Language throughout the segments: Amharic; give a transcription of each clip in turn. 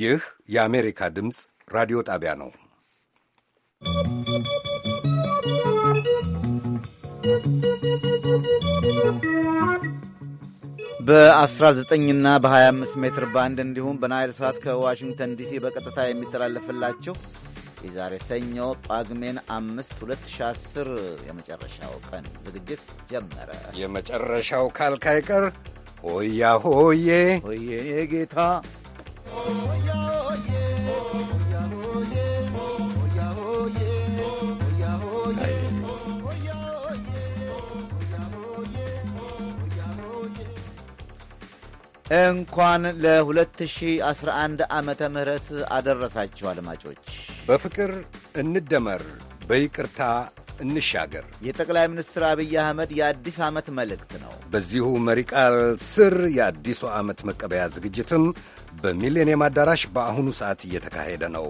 ይህ የአሜሪካ ድምፅ ራዲዮ ጣቢያ ነው። በ19ና በ25 ሜትር ባንድ እንዲሁም በናይል ሰዓት ከዋሽንግተን ዲሲ በቀጥታ የሚተላለፍላችሁ የዛሬ ሰኞ ጳግሜን 5 2010 የመጨረሻው ቀን ዝግጅት ጀመረ። የመጨረሻው ካልካይቀር ሆያ ሆዬ ሆዬ ጌታ እንኳን ለ2011 ዓመተ ምህረት አደረሳችሁ አድማጮች። በፍቅር እንደመር፣ በይቅርታ እንሻገር። የጠቅላይ ሚኒስትር አብይ አህመድ የአዲስ ዓመት መልእክት ነው። በዚሁ መሪ ቃል ስር የአዲሱ ዓመት መቀበያ ዝግጅትም በሚሌኒየም አዳራሽ በአሁኑ ሰዓት እየተካሄደ ነው።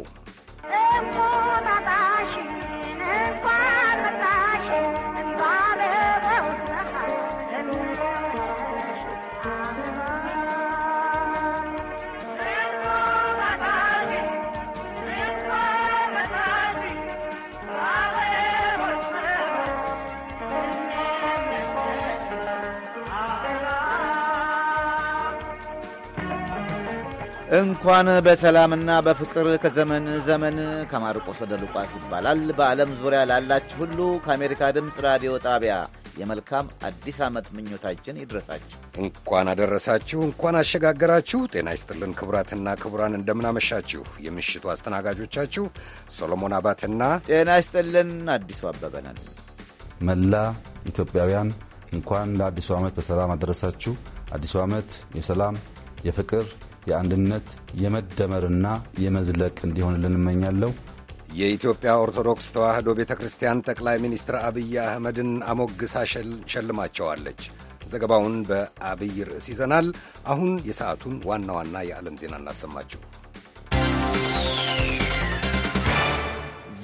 እንኳን በሰላምና በፍቅር ከዘመን ዘመን ከማርቆስ ወደ ሉቃስ ይባላል። በዓለም ዙሪያ ላላችሁ ሁሉ ከአሜሪካ ድምፅ ራዲዮ ጣቢያ የመልካም አዲስ ዓመት ምኞታችን ይድረሳችሁ። እንኳን አደረሳችሁ፣ እንኳን አሸጋገራችሁ። ጤና ይስጥልን ክቡራትና ክቡራን፣ እንደምናመሻችሁ። የምሽቱ አስተናጋጆቻችሁ ሶሎሞን አባትና ጤና ይስጥልን አዲሱ አበበነን። መላ ኢትዮጵያውያን እንኳን ለአዲሱ ዓመት በሰላም አደረሳችሁ። አዲሱ ዓመት የሰላም የፍቅር የአንድነት የመደመርና የመዝለቅ እንዲሆንልን እመኛለሁ። የኢትዮጵያ ኦርቶዶክስ ተዋሕዶ ቤተ ክርስቲያን ጠቅላይ ሚኒስትር አብይ አህመድን አሞግሳ ሸልማቸዋለች። ዘገባውን በአብይ ርዕስ ይዘናል። አሁን የሰዓቱን ዋና ዋና የዓለም ዜና እናሰማችሁ።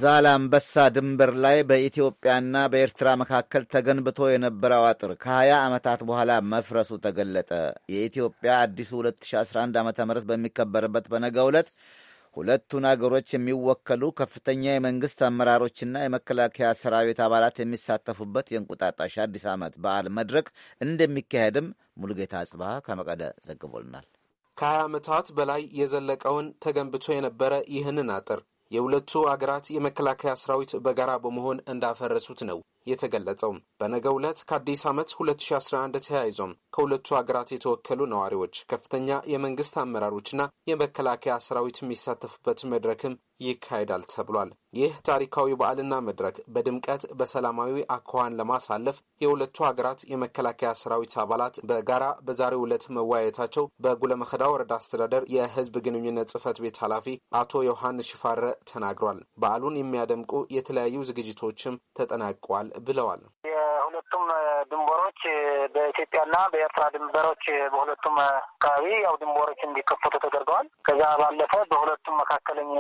ዛላምበሳ ድንበር ላይ በኢትዮጵያና በኤርትራ መካከል ተገንብቶ የነበረው አጥር ከ20 ዓመታት በኋላ መፍረሱ ተገለጠ። የኢትዮጵያ አዲሱ 2011 ዓ ም በሚከበርበት በነገ ዕለት ሁለቱን አገሮች የሚወከሉ ከፍተኛ የመንግሥት አመራሮችና የመከላከያ ሰራዊት አባላት የሚሳተፉበት የእንቁጣጣሽ አዲስ ዓመት በዓል መድረክ እንደሚካሄድም ሙሉጌታ አጽባሃ ከመቀደ ዘግቦልናል። ከ20 ዓመታት በላይ የዘለቀውን ተገንብቶ የነበረ ይህንን አጥር የሁለቱ አገራት የመከላከያ ሰራዊት በጋራ በመሆን እንዳፈረሱት ነው የተገለጸው። በነገው ዕለት ከአዲስ ዓመት 2011 ተያይዞም ከሁለቱ ሀገራት የተወከሉ ነዋሪዎች፣ ከፍተኛ የመንግስት አመራሮችና የመከላከያ ሰራዊት የሚሳተፉበት መድረክም ይካሄዳል ተብሏል። ይህ ታሪካዊ በዓልና መድረክ በድምቀት በሰላማዊ አኳኋን ለማሳለፍ የሁለቱ ሀገራት የመከላከያ ሰራዊት አባላት በጋራ በዛሬው ዕለት መወያየታቸው በጉለመኸዳ ወረዳ አስተዳደር የህዝብ ግንኙነት ጽህፈት ቤት ኃላፊ አቶ ዮሐንስ ሽፋረ ተናግሯል። በዓሉን የሚያደምቁ የተለያዩ ዝግጅቶችም ተጠናቀዋል ብለዋል። የሁለቱም ድንበሮች በኢትዮጵያና በኤርትራ ድንበሮች በሁለቱም አካባቢ ያው ድንበሮች እንዲከፈቱ ተደርገዋል። ከዛ ባለፈ በሁለቱም መካከለኝ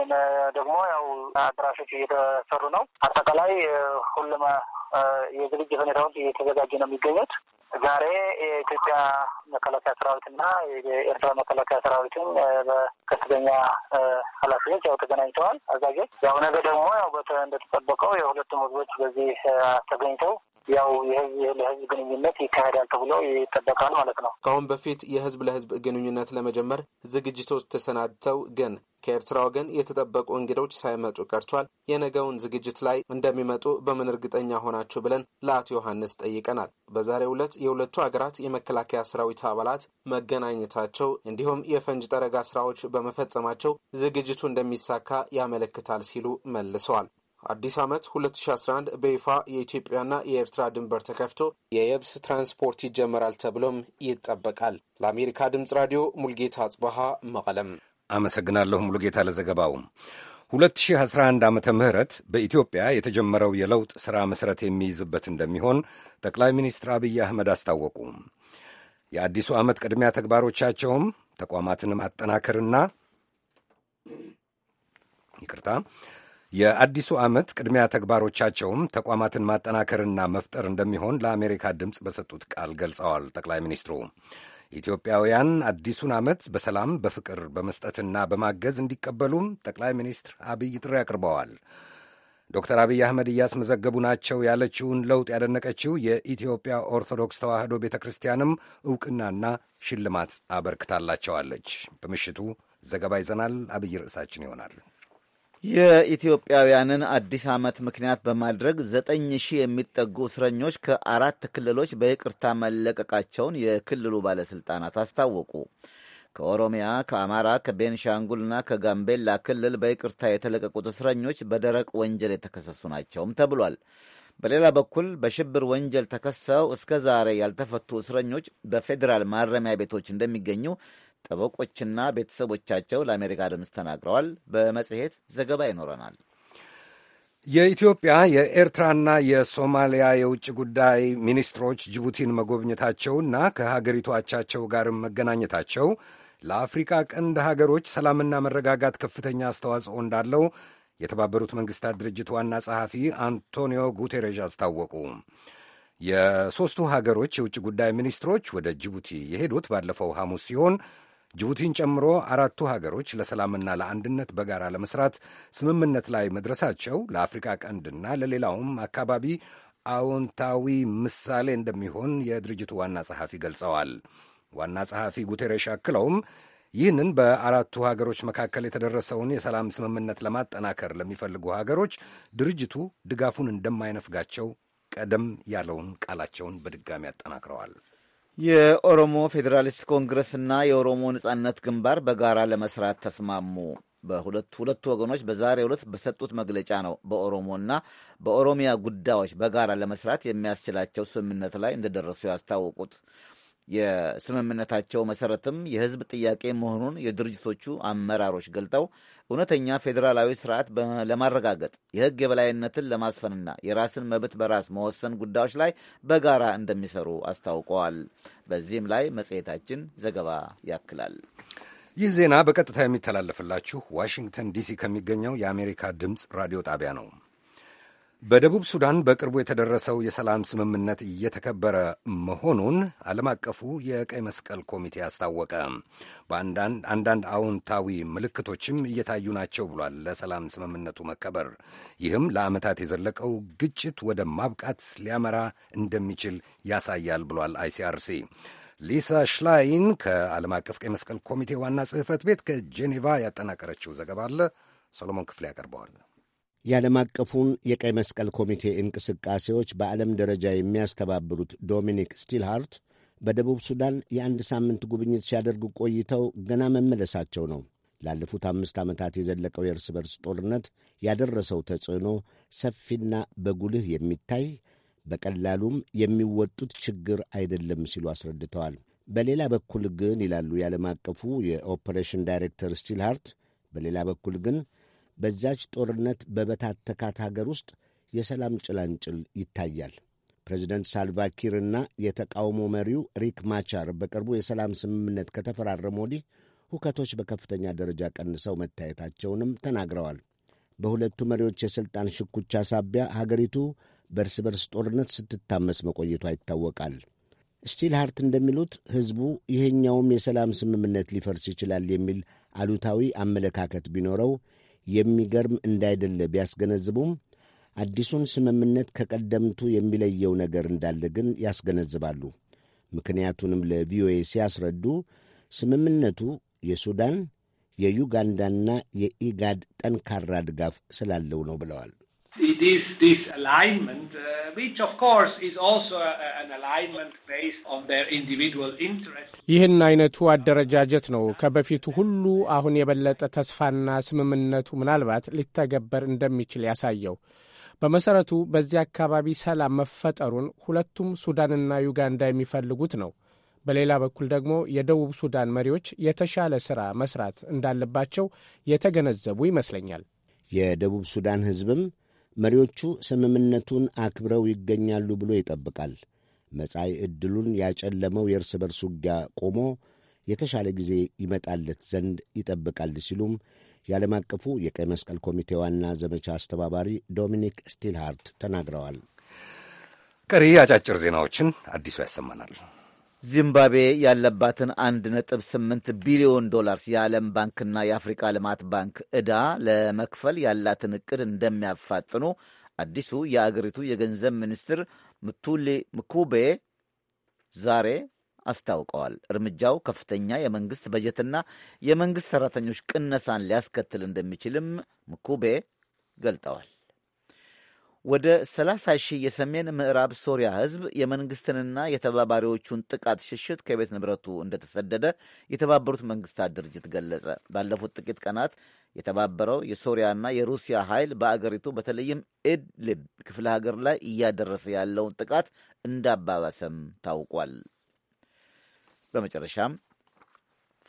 ደግሞ ያው አድራሾች እየተሰሩ ነው። አጠቃላይ ሁሉም የዝግጅት ሁኔታዎች እየተዘጋጀ ነው የሚገኙት። ዛሬ የኢትዮጵያ መከላከያ ሰራዊትና የኤርትራ መከላከያ ሰራዊትን በከፍተኛ ኃላፊዎች ያው ተገናኝተዋል። አዛዦች ያው ነገ ደግሞ ያው እንደተጠበቀው የሁለቱም ህዝቦች በዚህ ተገኝተው ያው የህዝብ ለህዝብ ግንኙነት ይካሄዳል ተብሎ ይጠበቃል ማለት ነው። ከአሁን በፊት የህዝብ ለህዝብ ግንኙነት ለመጀመር ዝግጅቶች ተሰናድተው ግን ከኤርትራ ወገን የተጠበቁ እንግዶች ሳይመጡ ቀርቷል። የነገውን ዝግጅት ላይ እንደሚመጡ በምን እርግጠኛ ሆናችሁ ብለን ለአቶ ዮሐንስ ጠይቀናል። በዛሬው ዕለት የሁለቱ ሀገራት የመከላከያ ሰራዊት አባላት መገናኘታቸው እንዲሁም የፈንጅ ጠረጋ ስራዎች በመፈጸማቸው ዝግጅቱ እንደሚሳካ ያመለክታል ሲሉ መልሰዋል። አዲስ ዓመት 2011 በይፋ የኢትዮጵያና የኤርትራ ድንበር ተከፍቶ የየብስ ትራንስፖርት ይጀመራል ተብሎም ይጠበቃል። ለአሜሪካ ድምፅ ራዲዮ ሙልጌታ አጽበሃ መቀለም። አመሰግናለሁ ሙልጌታ ለዘገባው። 2011 ዓመተ ምህረት በኢትዮጵያ የተጀመረው የለውጥ ሥራ መሠረት የሚይዝበት እንደሚሆን ጠቅላይ ሚኒስትር አብይ አህመድ አስታወቁ። የአዲሱ ዓመት ቅድሚያ ተግባሮቻቸውም ተቋማትን ማጠናከርና ይቅርታ የአዲሱ ዓመት ቅድሚያ ተግባሮቻቸውም ተቋማትን ማጠናከርና መፍጠር እንደሚሆን ለአሜሪካ ድምፅ በሰጡት ቃል ገልጸዋል። ጠቅላይ ሚኒስትሩ ኢትዮጵያውያን አዲሱን ዓመት በሰላም በፍቅር በመስጠትና በማገዝ እንዲቀበሉም ጠቅላይ ሚኒስትር አብይ ጥሪ አቅርበዋል። ዶክተር አብይ አህመድ እያስመዘገቡ ናቸው ያለችውን ለውጥ ያደነቀችው የኢትዮጵያ ኦርቶዶክስ ተዋሕዶ ቤተ ክርስቲያንም እውቅናና ሽልማት አበርክታላቸዋለች። በምሽቱ ዘገባ ይዘናል። አብይ ርዕሳችን ይሆናል። የኢትዮጵያውያንን አዲስ ዓመት ምክንያት በማድረግ ዘጠኝ ሺህ የሚጠጉ እስረኞች ከአራት ክልሎች በይቅርታ መለቀቃቸውን የክልሉ ባለሥልጣናት አስታወቁ። ከኦሮሚያ፣ ከአማራ፣ ከቤንሻንጉልና ከጋምቤላ ክልል በይቅርታ የተለቀቁት እስረኞች በደረቅ ወንጀል የተከሰሱ ናቸውም ተብሏል። በሌላ በኩል በሽብር ወንጀል ተከሰው እስከ ዛሬ ያልተፈቱ እስረኞች በፌዴራል ማረሚያ ቤቶች እንደሚገኙ ጠበቆችና ቤተሰቦቻቸው ለአሜሪካ ድምፅ ተናግረዋል። በመጽሔት ዘገባ ይኖረናል። የኢትዮጵያ የኤርትራና የሶማሊያ የውጭ ጉዳይ ሚኒስትሮች ጅቡቲን መጎብኘታቸውና ከሀገሪቱ አቻቸው ጋርም መገናኘታቸው ለአፍሪካ ቀንድ ሀገሮች ሰላምና መረጋጋት ከፍተኛ አስተዋጽኦ እንዳለው የተባበሩት መንግስታት ድርጅት ዋና ጸሐፊ አንቶኒዮ ጉቴሬዥ አስታወቁ። የሦስቱ ሀገሮች የውጭ ጉዳይ ሚኒስትሮች ወደ ጅቡቲ የሄዱት ባለፈው ሐሙስ ሲሆን ጅቡቲን ጨምሮ አራቱ ሀገሮች ለሰላምና ለአንድነት በጋራ ለመስራት ስምምነት ላይ መድረሳቸው ለአፍሪካ ቀንድና ለሌላውም አካባቢ አዎንታዊ ምሳሌ እንደሚሆን የድርጅቱ ዋና ጸሐፊ ገልጸዋል። ዋና ጸሐፊ ጉቴሬሽ አክለውም ይህንን በአራቱ ሀገሮች መካከል የተደረሰውን የሰላም ስምምነት ለማጠናከር ለሚፈልጉ ሀገሮች ድርጅቱ ድጋፉን እንደማይነፍጋቸው ቀደም ያለውን ቃላቸውን በድጋሚ አጠናክረዋል። የኦሮሞ ፌዴራሊስት ኮንግረስና የኦሮሞ ነጻነት ግንባር በጋራ ለመስራት ተስማሙ። በሁለቱ ሁለቱ ወገኖች በዛሬ ዕለት በሰጡት መግለጫ ነው በኦሮሞና በኦሮሚያ ጉዳዮች በጋራ ለመስራት የሚያስችላቸው ስምምነት ላይ እንደደረሱ ያስታወቁት። የስምምነታቸው መሰረትም የህዝብ ጥያቄ መሆኑን የድርጅቶቹ አመራሮች ገልጠው እውነተኛ ፌዴራላዊ ስርዓት ለማረጋገጥ የህግ የበላይነትን ለማስፈንና የራስን መብት በራስ መወሰን ጉዳዮች ላይ በጋራ እንደሚሰሩ አስታውቀዋል። በዚህም ላይ መጽሔታችን ዘገባ ያክላል። ይህ ዜና በቀጥታ የሚተላለፍላችሁ ዋሽንግተን ዲሲ ከሚገኘው የአሜሪካ ድምፅ ራዲዮ ጣቢያ ነው። በደቡብ ሱዳን በቅርቡ የተደረሰው የሰላም ስምምነት እየተከበረ መሆኑን ዓለም አቀፉ የቀይ መስቀል ኮሚቴ አስታወቀ። በአንዳንድ አዎንታዊ ምልክቶችም እየታዩ ናቸው ብሏል ለሰላም ስምምነቱ መከበር። ይህም ለዓመታት የዘለቀው ግጭት ወደ ማብቃት ሊያመራ እንደሚችል ያሳያል ብሏል አይሲአርሲ። ሊሳ ሽላይን ከዓለም አቀፍ ቀይ መስቀል ኮሚቴ ዋና ጽሕፈት ቤት ከጄኔቫ ያጠናቀረችው ዘገባ አለ። ሰሎሞን ክፍሌ ያቀርበዋል። የዓለም አቀፉን የቀይ መስቀል ኮሚቴ እንቅስቃሴዎች በዓለም ደረጃ የሚያስተባብሩት ዶሚኒክ ስቲልሃርት በደቡብ ሱዳን የአንድ ሳምንት ጉብኝት ሲያደርጉ ቆይተው ገና መመለሳቸው ነው። ላለፉት አምስት ዓመታት የዘለቀው የእርስ በርስ ጦርነት ያደረሰው ተጽዕኖ ሰፊና በጉልህ የሚታይ በቀላሉም የሚወጡት ችግር አይደለም ሲሉ አስረድተዋል። በሌላ በኩል ግን ይላሉ የዓለም አቀፉ የኦፐሬሽን ዳይሬክተር ስቲልሃርት በሌላ በኩል ግን በዛች ጦርነት በበታተካት ሀገር ውስጥ የሰላም ጭላንጭል ይታያል። ፕሬዚደንት ሳልቫኪርና የተቃውሞ መሪው ሪክ ማቻር በቅርቡ የሰላም ስምምነት ከተፈራረሙ ወዲህ ሁከቶች በከፍተኛ ደረጃ ቀንሰው መታየታቸውንም ተናግረዋል። በሁለቱ መሪዎች የሥልጣን ሽኩቻ ሳቢያ ሀገሪቱ በእርስ በርስ ጦርነት ስትታመስ መቆየቷ ይታወቃል። ስቲል ሃርት እንደሚሉት ሕዝቡ ይህኛውም የሰላም ስምምነት ሊፈርስ ይችላል የሚል አሉታዊ አመለካከት ቢኖረው የሚገርም እንዳይደለ ቢያስገነዝቡም አዲሱን ስምምነት ከቀደምቱ የሚለየው ነገር እንዳለ ግን ያስገነዝባሉ። ምክንያቱንም ለቪኦኤ ሲያስረዱ ስምምነቱ የሱዳን የዩጋንዳና የኢጋድ ጠንካራ ድጋፍ ስላለው ነው ብለዋል። is this alignment, uh, which of course is also a, uh, an alignment based on their individual interests. ይህን አይነቱ አደረጃጀት ነው ከበፊቱ ሁሉ አሁን የበለጠ ተስፋና ስምምነቱ ምናልባት ሊተገበር እንደሚችል ያሳየው። በመሰረቱ በዚህ አካባቢ ሰላም መፈጠሩን ሁለቱም ሱዳንና ዩጋንዳ የሚፈልጉት ነው። በሌላ በኩል ደግሞ የደቡብ ሱዳን መሪዎች የተሻለ ሥራ መስራት እንዳለባቸው የተገነዘቡ ይመስለኛል። የደቡብ ሱዳን ሕዝብም መሪዎቹ ስምምነቱን አክብረው ይገኛሉ ብሎ ይጠብቃል። መጻኢ ዕድሉን ያጨለመው የእርስ በርስ ውጊያ ቆሞ የተሻለ ጊዜ ይመጣለት ዘንድ ይጠብቃል ሲሉም የዓለም አቀፉ የቀይ መስቀል ኮሚቴ ዋና ዘመቻ አስተባባሪ ዶሚኒክ ስቲልሃርት ተናግረዋል። ቀሪ አጫጭር ዜናዎችን አዲሱ ያሰማናል። ዚምባብዌ ያለባትን 1.8 ቢሊዮን ዶላርስ የዓለም ባንክና የአፍሪካ ልማት ባንክ ዕዳ ለመክፈል ያላትን እቅድ እንደሚያፋጥኑ አዲሱ የአገሪቱ የገንዘብ ሚኒስትር ምቱሌ ምኩቤ ዛሬ አስታውቀዋል። እርምጃው ከፍተኛ የመንግሥት በጀትና የመንግሥት ሠራተኞች ቅነሳን ሊያስከትል እንደሚችልም ምኩቤ ገልጠዋል። ወደ 30 ሺህ የሰሜን ምዕራብ ሶሪያ ህዝብ የመንግስትንና የተባባሪዎቹን ጥቃት ሽሽት ከቤት ንብረቱ እንደተሰደደ የተባበሩት መንግስታት ድርጅት ገለጸ። ባለፉት ጥቂት ቀናት የተባበረው የሶሪያና የሩሲያ ኃይል በአገሪቱ በተለይም ኢድሊብ ክፍለ ሀገር ላይ እያደረሰ ያለውን ጥቃት እንዳባባሰም ታውቋል። በመጨረሻም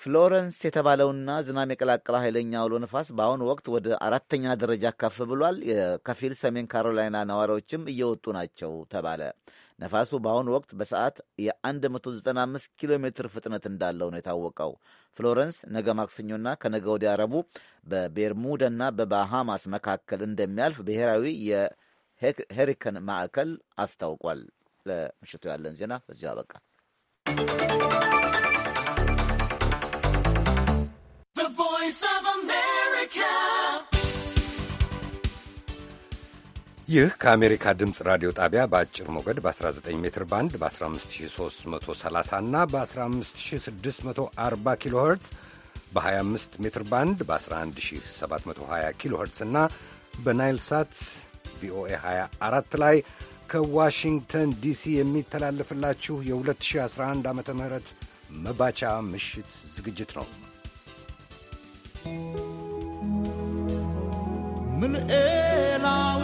ፍሎረንስ የተባለውና ዝናብ የቀላቀለ ኃይለኛ አውሎ ነፋስ በአሁኑ ወቅት ወደ አራተኛ ደረጃ ከፍ ብሏል። የከፊል ሰሜን ካሮላይና ነዋሪዎችም እየወጡ ናቸው ተባለ። ነፋሱ በአሁኑ ወቅት በሰዓት የ195 ኪሎ ሜትር ፍጥነት እንዳለው ነው የታወቀው። ፍሎረንስ ነገ ማክሰኞና ከነገ ወዲያ ረቡዕ በቤርሙዳና በባሃማስ መካከል እንደሚያልፍ ብሔራዊ የሄሪከን ማዕከል አስታውቋል። ለምሽቱ ያለን ዜና በዚሁ አበቃ። ይህ ከአሜሪካ ድምፅ ራዲዮ ጣቢያ በአጭር ሞገድ በ19 ሜትር ባንድ በ15330 እና በ15640 ኪሎ ኸርትዝ በ25 ሜትር ባንድ በ11720 ኪሎ ኸርትዝ እና በናይል ሳት ቪኦኤ 24 ላይ ከዋሽንግተን ዲሲ የሚተላለፍላችሁ የ2011 ዓ ም መባቻ ምሽት ዝግጅት ነው። ምን ኤላዊ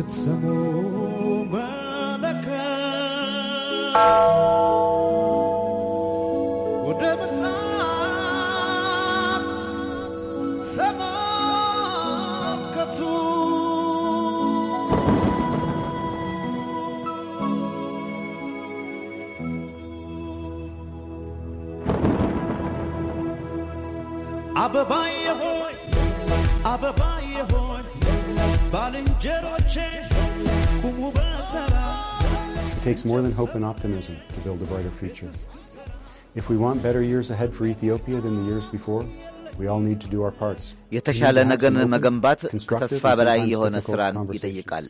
ስትሰሙ መለከት ወደ ምስራቅ ተመልከቱ። አበባዬ ሆይ አበባዬ ሆይ ባልንጀሮ it takes more than hope and optimism to build a brighter future. If we want better years ahead for Ethiopia than the years before, we all need to do our parts. የተሻለ ነገርን መገንባት ከተስፋ በላይ የሆነ ሥራን ይጠይቃል።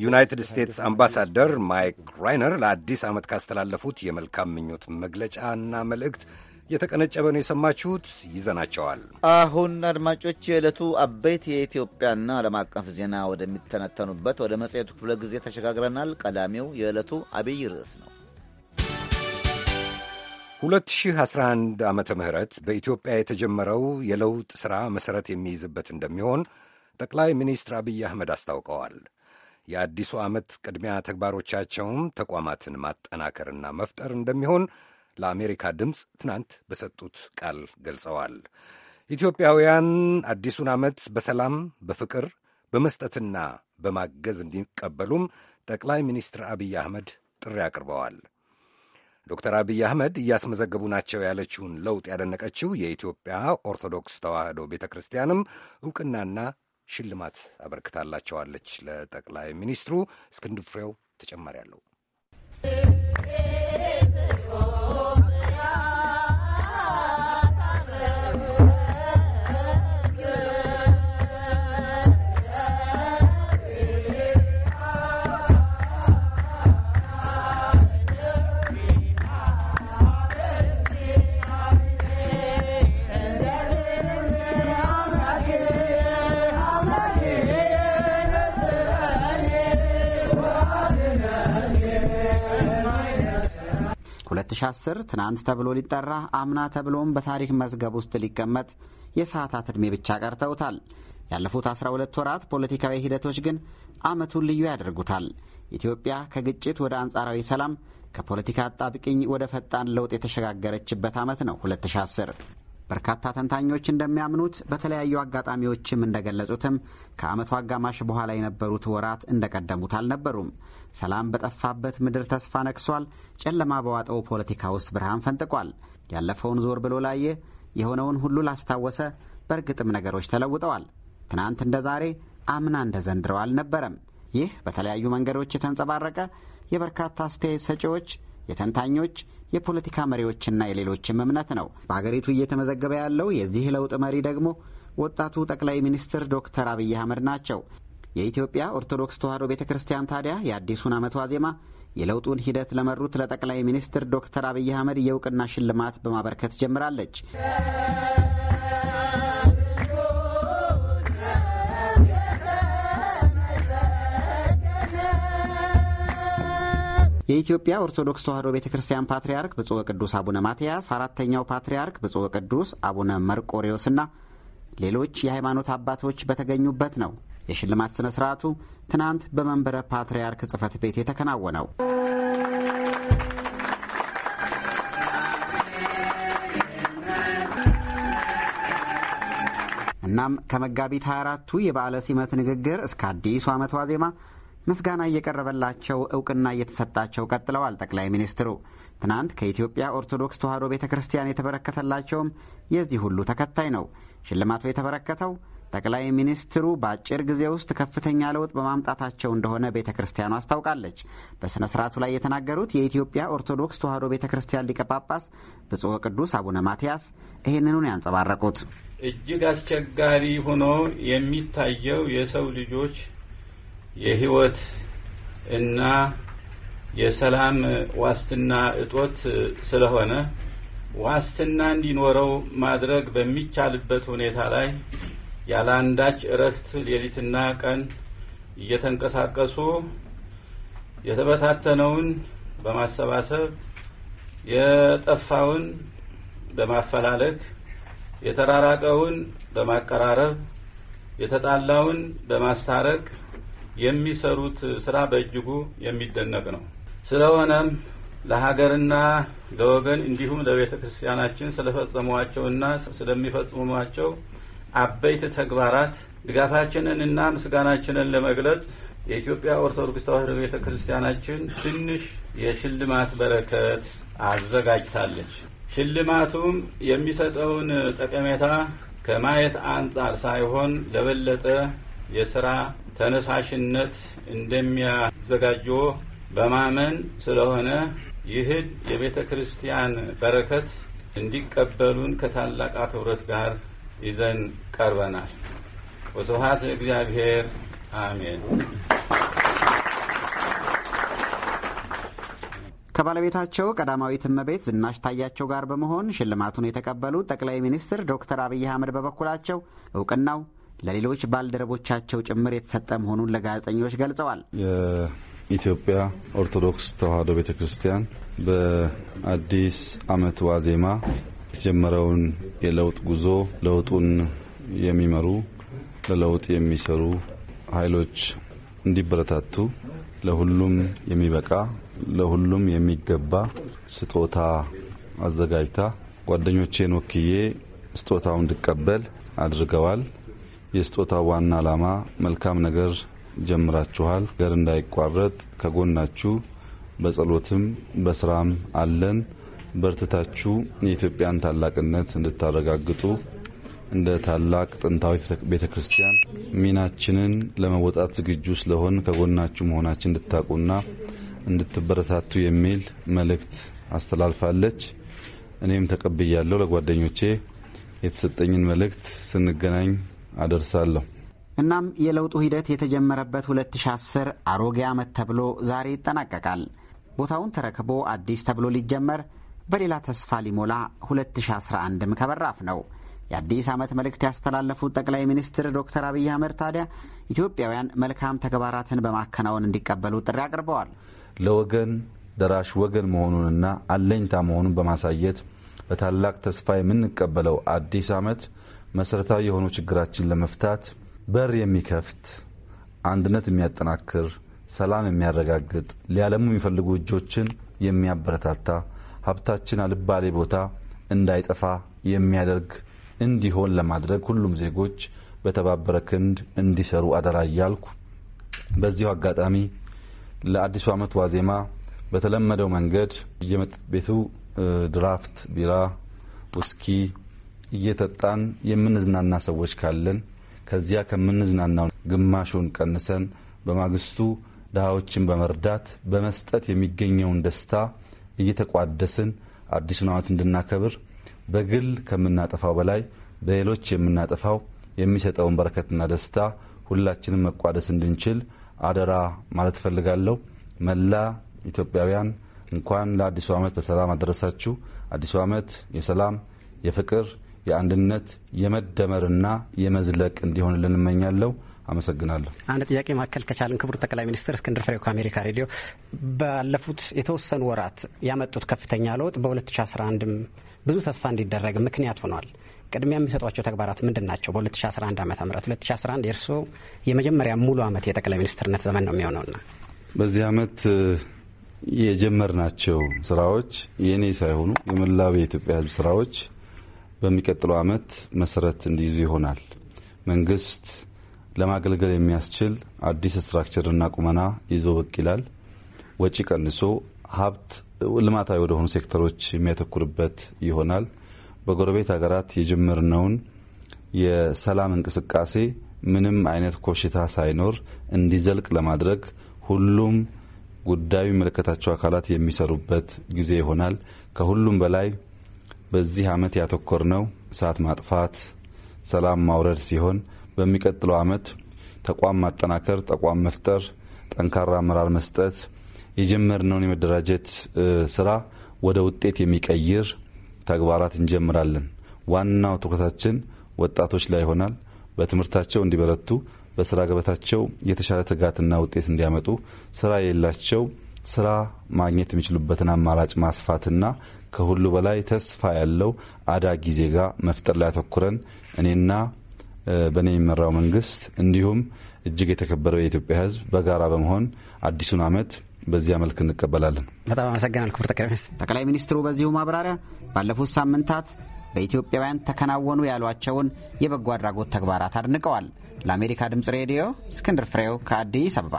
የዩናይትድ ስቴትስ አምባሳደር ማይክ ራይነር ለአዲስ ዓመት ካስተላለፉት የመልካም ምኞት መግለጫና መልእክት የተቀነጨበ ነው የሰማችሁት። ይዘናቸዋል። አሁን አድማጮች፣ የዕለቱ አበይት የኢትዮጵያና ዓለም አቀፍ ዜና ወደሚተነተኑበት ወደ መጽሔቱ ክፍለ ጊዜ ተሸጋግረናል። ቀዳሚው የዕለቱ አብይ ርዕስ ነው። 2011 ዓመተ ምህረት በኢትዮጵያ የተጀመረው የለውጥ ሥራ መሠረት የሚይዝበት እንደሚሆን ጠቅላይ ሚኒስትር አብይ አህመድ አስታውቀዋል። የአዲሱ ዓመት ቅድሚያ ተግባሮቻቸውም ተቋማትን ማጠናከርና መፍጠር እንደሚሆን ለአሜሪካ ድምፅ ትናንት በሰጡት ቃል ገልጸዋል። ኢትዮጵያውያን አዲሱን ዓመት በሰላም በፍቅር፣ በመስጠትና በማገዝ እንዲቀበሉም ጠቅላይ ሚኒስትር አብይ አህመድ ጥሪ አቅርበዋል። ዶክተር አብይ አህመድ እያስመዘገቡ ናቸው ያለችውን ለውጥ ያደነቀችው የኢትዮጵያ ኦርቶዶክስ ተዋሕዶ ቤተ ክርስቲያንም እውቅናና ሽልማት አበርክታላቸዋለች። ለጠቅላይ ሚኒስትሩ እስክንድር ፍሬው ተጨማሪ አለው። 2010 ትናንት ተብሎ ሊጠራ አምና ተብሎም በታሪክ መዝገብ ውስጥ ሊቀመጥ የሰዓታት ዕድሜ ብቻ ቀርተውታል። ያለፉት 12 ወራት ፖለቲካዊ ሂደቶች ግን ዓመቱን ልዩ ያደርጉታል። ኢትዮጵያ ከግጭት ወደ አንጻራዊ ሰላም ከፖለቲካ አጣብቅኝ ወደ ፈጣን ለውጥ የተሸጋገረችበት ዓመት ነው 2010። በርካታ ተንታኞች እንደሚያምኑት በተለያዩ አጋጣሚዎችም እንደገለጹትም ከዓመቱ አጋማሽ በኋላ የነበሩት ወራት እንደቀደሙት አልነበሩም። ሰላም በጠፋበት ምድር ተስፋ ነግሷል። ጨለማ በዋጠው ፖለቲካ ውስጥ ብርሃን ፈንጥቋል። ያለፈውን ዞር ብሎ ላየ፣ የሆነውን ሁሉ ላስታወሰ። በእርግጥም ነገሮች ተለውጠዋል። ትናንት እንደ ዛሬ፣ አምና እንደ ዘንድረው አልነበረም። ይህ በተለያዩ መንገዶች የተንጸባረቀ የበርካታ አስተያየት ሰጪዎች የተንታኞች፣ የፖለቲካ መሪዎችና የሌሎችም እምነት ነው። በሀገሪቱ እየተመዘገበ ያለው የዚህ ለውጥ መሪ ደግሞ ወጣቱ ጠቅላይ ሚኒስትር ዶክተር አብይ አህመድ ናቸው። የኢትዮጵያ ኦርቶዶክስ ተዋሕዶ ቤተ ክርስቲያን ታዲያ የአዲሱን ዓመት ዋዜማ የለውጡን ሂደት ለመሩት ለጠቅላይ ሚኒስትር ዶክተር አብይ አህመድ የእውቅና ሽልማት በማበርከት ጀምራለች። የኢትዮጵያ ኦርቶዶክስ ተዋሕዶ ቤተ ክርስቲያን ፓትርያርክ ብፁዕ ወቅዱስ አቡነ ማትያስ፣ አራተኛው ፓትርያርክ ብፁዕ ወቅዱስ አቡነ መርቆሪዎስና ሌሎች የሃይማኖት አባቶች በተገኙበት ነው የሽልማት ስነ ስርዓቱ ትናንት በመንበረ ፓትርያርክ ጽህፈት ቤት የተከናወነው። እናም ከመጋቢት 24ቱ የበዓለ ሲመት ንግግር እስከ አዲሱ ዓመት ዋዜማ ምስጋና እየቀረበላቸው እውቅና እየተሰጣቸው ቀጥለዋል። ጠቅላይ ሚኒስትሩ ትናንት ከኢትዮጵያ ኦርቶዶክስ ተዋሕዶ ቤተ ክርስቲያን የተበረከተላቸውም የዚህ ሁሉ ተከታይ ነው። ሽልማቱ የተበረከተው ጠቅላይ ሚኒስትሩ በአጭር ጊዜ ውስጥ ከፍተኛ ለውጥ በማምጣታቸው እንደሆነ ቤተ ክርስቲያኑ አስታውቃለች። በሥነ ሥርዓቱ ላይ የተናገሩት የኢትዮጵያ ኦርቶዶክስ ተዋሕዶ ቤተ ክርስቲያን ሊቀ ጳጳስ ብፁዕ ቅዱስ አቡነ ማትያስ ይህንኑን ያንጸባረቁት እጅግ አስቸጋሪ ሆኖ የሚታየው የሰው ልጆች የህይወት እና የሰላም ዋስትና እጦት ስለሆነ ዋስትና እንዲኖረው ማድረግ በሚቻልበት ሁኔታ ላይ ያለ አንዳች እረፍት ሌሊትና ቀን እየተንቀሳቀሱ የተበታተነውን በማሰባሰብ የጠፋውን በማፈላለግ የተራራቀውን በማቀራረብ የተጣላውን በማስታረቅ የሚሰሩት ስራ በእጅጉ የሚደነቅ ነው። ስለሆነም ለሀገርና ለወገን እንዲሁም ለቤተ ክርስቲያናችን ስለፈጸሟቸውና ስለሚፈጽሟቸው አበይት ተግባራት ድጋፋችንን እና ምስጋናችንን ለመግለጽ የኢትዮጵያ ኦርቶዶክስ ተዋሕዶ ቤተ ክርስቲያናችን ትንሽ የሽልማት በረከት አዘጋጅታለች። ሽልማቱም የሚሰጠውን ጠቀሜታ ከማየት አንጻር ሳይሆን ለበለጠ የስራ ተነሳሽነት እንደሚያዘጋጆ በማመን ስለሆነ ይህን የቤተ ክርስቲያን በረከት እንዲቀበሉን ከታላቅ አክብረት ጋር ይዘን ቀርበናል። ወስብሐት እግዚአብሔር አሜን። ከባለቤታቸው ቀዳማዊት እመቤት ዝናሽ ታያቸው ጋር በመሆን ሽልማቱን የተቀበሉት ጠቅላይ ሚኒስትር ዶክተር አብይ አህመድ በበኩላቸው እውቅናው ለሌሎች ባልደረቦቻቸው ጭምር የተሰጠ መሆኑን ለጋዜጠኞች ገልጸዋል። የኢትዮጵያ ኦርቶዶክስ ተዋሕዶ ቤተ ክርስቲያን በአዲስ ዓመት ዋዜማ የተጀመረውን የለውጥ ጉዞ ለውጡን የሚመሩ ለለውጥ የሚሰሩ ኃይሎች እንዲበረታቱ ለሁሉም የሚበቃ ለሁሉም የሚገባ ስጦታ አዘጋጅታ ጓደኞቼን ወክዬ ስጦታውን እንድቀበል አድርገዋል። የስጦታ ዋና ዓላማ መልካም ነገር ጀምራችኋል፣ ነገር እንዳይቋረጥ ከጎናችሁ በጸሎትም በስራም አለን። በርትታችሁ የኢትዮጵያን ታላቅነት እንድታረጋግጡ እንደ ታላቅ ጥንታዊ ቤተ ክርስቲያን ሚናችንን ለመወጣት ዝግጁ ስለሆን ከጎናችሁ መሆናችን እንድታውቁና እንድትበረታቱ የሚል መልእክት አስተላልፋለች። እኔም ተቀብያለሁ። ለጓደኞቼ የተሰጠኝን መልእክት ስንገናኝ አደርሳለሁ። እናም የለውጡ ሂደት የተጀመረበት 2010 አሮጌ ዓመት ተብሎ ዛሬ ይጠናቀቃል። ቦታውን ተረክቦ አዲስ ተብሎ ሊጀመር በሌላ ተስፋ ሊሞላ 2011ም ከበራፍ ነው። የአዲስ ዓመት መልእክት ያስተላለፉት ጠቅላይ ሚኒስትር ዶክተር አብይ አህመድ ታዲያ ኢትዮጵያውያን መልካም ተግባራትን በማከናወን እንዲቀበሉ ጥሪ አቅርበዋል። ለወገን ደራሽ ወገን መሆኑንና አለኝታ መሆኑን በማሳየት በታላቅ ተስፋ የምንቀበለው አዲስ ዓመት መሰረታዊ የሆኑ ችግራችን ለመፍታት በር የሚከፍት አንድነት የሚያጠናክር ሰላም የሚያረጋግጥ ሊያለሙ የሚፈልጉ እጆችን የሚያበረታታ ሀብታችን አልባሌ ቦታ እንዳይጠፋ የሚያደርግ እንዲሆን ለማድረግ ሁሉም ዜጎች በተባበረ ክንድ እንዲሰሩ አደራ እያልኩ በዚሁ አጋጣሚ ለአዲሱ ዓመት ዋዜማ በተለመደው መንገድ የመጠጥ ቤቱ ድራፍት ቢራ፣ ውስኪ እየጠጣን የምንዝናና ሰዎች ካለን ከዚያ ከምንዝናናው ግማሹን ቀንሰን በማግስቱ ድሃዎችን በመርዳት በመስጠት የሚገኘውን ደስታ እየተቋደስን አዲሱን ዓመት እንድናከብር በግል ከምናጠፋው በላይ በሌሎች የምናጠፋው የሚሰጠውን በረከትና ደስታ ሁላችንም መቋደስ እንድንችል አደራ ማለት እፈልጋለሁ። መላ ኢትዮጵያውያን እንኳን ለአዲሱ ዓመት በሰላም አደረሳችሁ። አዲሱ ዓመት የሰላም የፍቅር የአንድነት የመደመርና የመዝለቅ እንዲሆንልን እመኛለሁ። አመሰግናለሁ። አንድ ጥያቄ ማከል ከቻለን፣ ክቡር ጠቅላይ ሚኒስትር እስክንድር ፍሬው ከአሜሪካ ሬዲዮ። ባለፉት የተወሰኑ ወራት ያመጡት ከፍተኛ ለውጥ በ2011 ብዙ ተስፋ እንዲደረግ ምክንያት ሆኗል። ቅድሚያ የሚሰጧቸው ተግባራት ምንድን ናቸው? በ2011 ዓ ም 2011 የእርስዎ የመጀመሪያ ሙሉ ዓመት የጠቅላይ ሚኒስትርነት ዘመን ነው የሚሆነውና በዚህ ዓመት የጀመርናቸው ስራዎች የእኔ ሳይሆኑ የመላው የኢትዮጵያ ሕዝብ ስራዎች በሚቀጥለው ዓመት መሰረት እንዲይዙ ይሆናል። መንግስት ለማገልገል የሚያስችል አዲስ ስትራክቸርና ቁመና ይዞ ብቅ ይላል። ወጪ ቀንሶ ሀብት ልማታዊ ወደሆኑ ሴክተሮች የሚያተኩርበት ይሆናል። በጎረቤት ሀገራት የጀመርነውን የሰላም እንቅስቃሴ ምንም አይነት ኮሽታ ሳይኖር እንዲዘልቅ ለማድረግ ሁሉም ጉዳዩ የሚመለከታቸው አካላት የሚሰሩበት ጊዜ ይሆናል። ከሁሉም በላይ በዚህ ዓመት ያተኮርነው እሳት ማጥፋት፣ ሰላም ማውረድ ሲሆን በሚቀጥለው ዓመት ተቋም ማጠናከር፣ ተቋም መፍጠር፣ ጠንካራ አመራር መስጠት፣ የጀመርነውን የመደራጀት ስራ ወደ ውጤት የሚቀይር ተግባራት እንጀምራለን። ዋናው ትኩረታችን ወጣቶች ላይ ይሆናል። በትምህርታቸው እንዲበረቱ፣ በስራ ገበታቸው የተሻለ ትጋትና ውጤት እንዲያመጡ፣ ስራ የሌላቸው ስራ ማግኘት የሚችሉበትን አማራጭ ማስፋትና ከሁሉ በላይ ተስፋ ያለው አዳጊ ዜጋ መፍጠር ላይ ያተኩረን እኔና በእኔ የሚመራው መንግስት እንዲሁም እጅግ የተከበረው የኢትዮጵያ ሕዝብ በጋራ በመሆን አዲሱን ዓመት በዚያ መልክ እንቀበላለን። በጣም አመሰግናል ክቡር ጠቅላይ ሚኒስትር። ጠቅላይ ሚኒስትሩ በዚሁ ማብራሪያ ባለፉት ሳምንታት በኢትዮጵያውያን ተከናወኑ ያሏቸውን የበጎ አድራጎት ተግባራት አድንቀዋል። ለአሜሪካ ድምፅ ሬዲዮ እስክንድር ፍሬው ከአዲስ አበባ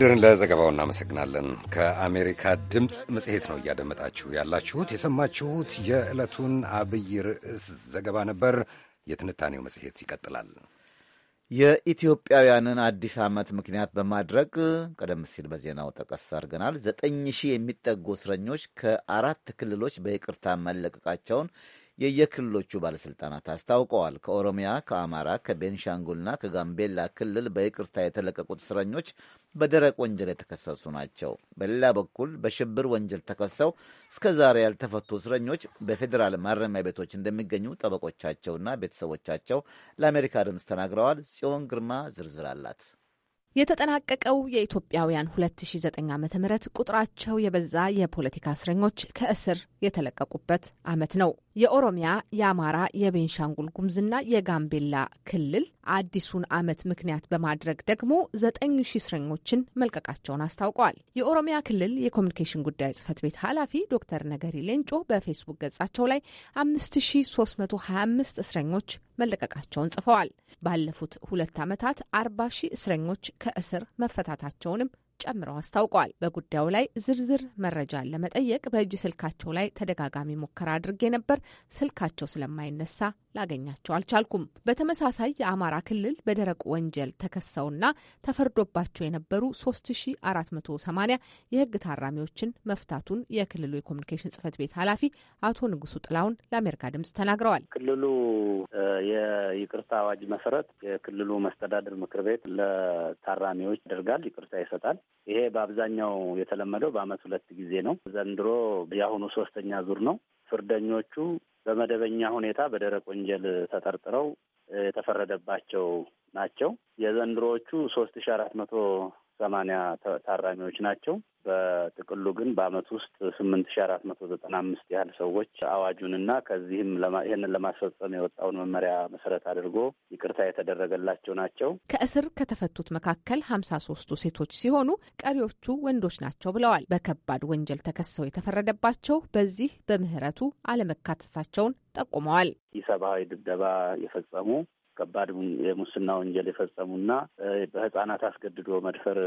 እስክንድርን ለዘገባው እናመሰግናለን። ከአሜሪካ ድምፅ መጽሔት ነው እያደመጣችሁ ያላችሁት። የሰማችሁት የዕለቱን አብይ ርዕስ ዘገባ ነበር። የትንታኔው መጽሔት ይቀጥላል። የኢትዮጵያውያንን አዲስ ዓመት ምክንያት በማድረግ ቀደም ሲል በዜናው ጠቀስ አድርገናል። ዘጠኝ ሺህ የሚጠጉ እስረኞች ከአራት ክልሎች በይቅርታ መለቀቃቸውን የየክልሎቹ ባለሥልጣናት አስታውቀዋል። ከኦሮሚያ፣ ከአማራ፣ ከቤንሻንጉልና ከጋምቤላ ክልል በይቅርታ የተለቀቁት እስረኞች በደረቅ ወንጀል የተከሰሱ ናቸው። በሌላ በኩል በሽብር ወንጀል ተከሰው እስከ ዛሬ ያልተፈቱ እስረኞች በፌዴራል ማረሚያ ቤቶች እንደሚገኙ ጠበቆቻቸውና ቤተሰቦቻቸው ለአሜሪካ ድምፅ ተናግረዋል። ጽዮን ግርማ ዝርዝር አላት። የተጠናቀቀው የኢትዮጵያውያን 2009 ዓ.ም ቁጥራቸው የበዛ የፖለቲካ እስረኞች ከእስር የተለቀቁበት ዓመት ነው። የኦሮሚያ፣ የአማራ፣ የቤንሻንጉል ጉምዝና የጋምቤላ ክልል አዲሱን ዓመት ምክንያት በማድረግ ደግሞ ዘጠኝ ሺ እስረኞችን መልቀቃቸውን አስታውቀዋል። የኦሮሚያ ክልል የኮሚኒኬሽን ጉዳይ ጽህፈት ቤት ኃላፊ ዶክተር ነገሪ ሌንጮ በፌስቡክ ገጻቸው ላይ አምስት እስረኞች መለቀቃቸውን ጽፈዋል። ባለፉት ሁለት ዓመታት 40 ሺህ እስረኞች ከእስር መፈታታቸውንም ጨምረው አስታውቋል። በጉዳዩ ላይ ዝርዝር መረጃን ለመጠየቅ በእጅ ስልካቸው ላይ ተደጋጋሚ ሙከራ አድርጌ ነበር። ስልካቸው ስለማይነሳ ላገኛቸው አልቻልኩም። በተመሳሳይ የአማራ ክልል በደረቅ ወንጀል ተከሰውና ተፈርዶባቸው የነበሩ 3480 የህግ ታራሚዎችን መፍታቱን የክልሉ የኮሚኒኬሽን ጽሕፈት ቤት ኃላፊ አቶ ንጉሱ ጥላውን ለአሜሪካ ድምጽ ተናግረዋል። ክልሉ የይቅርታ አዋጅ መሰረት የክልሉ መስተዳድር ምክር ቤት ለታራሚዎች ያደርጋል፣ ይቅርታ ይሰጣል። ይሄ በአብዛኛው የተለመደው በአመት ሁለት ጊዜ ነው። ዘንድሮ የአሁኑ ሶስተኛ ዙር ነው። ፍርደኞቹ በመደበኛ ሁኔታ በደረቅ ወንጀል ተጠርጥረው የተፈረደባቸው ናቸው። የዘንድሮዎቹ ሶስት ሺ አራት መቶ ሰማንያ ታራሚዎች ናቸው። በጥቅሉ ግን በአመት ውስጥ ስምንት ሺ አራት መቶ ዘጠና አምስት ያህል ሰዎች አዋጁንና ከዚህም ይህንን ለማስፈጸም የወጣውን መመሪያ መሰረት አድርጎ ይቅርታ የተደረገላቸው ናቸው። ከእስር ከተፈቱት መካከል ሀምሳ ሶስቱ ሴቶች ሲሆኑ ቀሪዎቹ ወንዶች ናቸው ብለዋል። በከባድ ወንጀል ተከሰው የተፈረደባቸው በዚህ በምህረቱ አለመካተታቸውን ጠቁመዋል። ኢሰብአዊ ድብደባ የፈጸሙ ከባድ የሙስና ወንጀል የፈጸሙና በህጻናት አስገድዶ መድፈር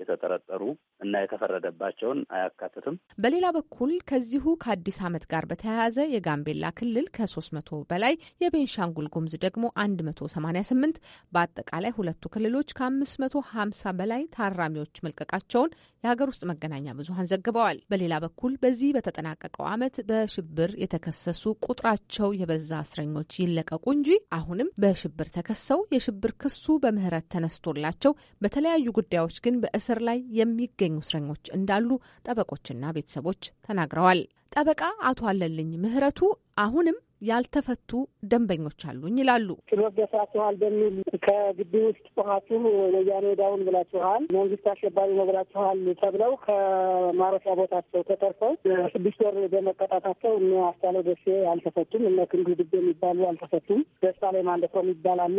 የተጠረጠሩ እና የተፈረደባቸውን አያካትትም። በሌላ በኩል ከዚሁ ከአዲስ ዓመት ጋር በተያያዘ የጋምቤላ ክልል ከሶስት መቶ በላይ የቤንሻንጉል ጉምዝ ደግሞ አንድ መቶ ሰማኒያ ስምንት በአጠቃላይ ሁለቱ ክልሎች ከአምስት መቶ ሀምሳ በላይ ታራሚዎች መልቀቃቸውን የሀገር ውስጥ መገናኛ ብዙሀን ዘግበዋል። በሌላ በኩል በዚህ በተጠናቀቀው ዓመት በሽብር የተከሰሱ ቁጥራቸው የበዛ እስረኞች ይለቀቁ እንጂ አሁንም በሽብር በሽብር ተከሰው የሽብር ክሱ በምህረት ተነስቶላቸው በተለያዩ ጉዳዮች ግን በእስር ላይ የሚገኙ እስረኞች እንዳሉ ጠበቆችና ቤተሰቦች ተናግረዋል። ጠበቃ አቶ አለልኝ ምህረቱ አሁንም ያልተፈቱ ደንበኞች አሉኝ ይላሉ። ችሎት ደፍራችኋል በሚል ከግቢ ውስጥ ጮኋችሁ ወያኔ ዳውን ብላችኋል፣ መንግስት አሸባሪ ነው ብላችኋል ተብለው ከማረፊያ ቦታቸው ተጠርፈው ስድስት ወር በመቀጣታቸው እነ አስቻለው ደሴ አልተፈቱም፣ እነ ክንዱ ድቤ የሚባሉ አልተፈቱም። ደስታ ላይ ማንደፍሮ የሚባል አለ።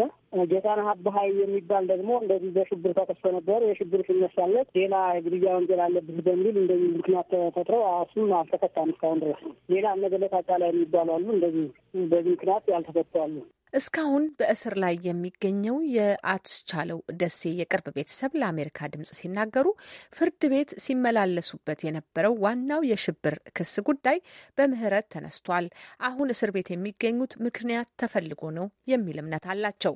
ጌታን ሀብሀይ የሚባል ደግሞ እንደዚህ በሽብር ተከሶ ነበር። የሽብር ሲነሳለት ሌላ ግድያ ወንጀል አለብህ በሚል እንደዚህ ምክንያት ተፈጥረው እሱም አልተፈታም እስካሁን ድረስ። ሌላ እነ ገለታ ጫላ የሚባሉ አሉ እንደዚህ በዚህ ምክንያት ያልተፈቱ አሉ። እስካሁን በእስር ላይ የሚገኘው የአስቻለው ደሴ የቅርብ ቤተሰብ ለአሜሪካ ድምጽ ሲናገሩ ፍርድ ቤት ሲመላለሱበት የነበረው ዋናው የሽብር ክስ ጉዳይ በምህረት ተነስቷል። አሁን እስር ቤት የሚገኙት ምክንያት ተፈልጎ ነው የሚል እምነት አላቸው።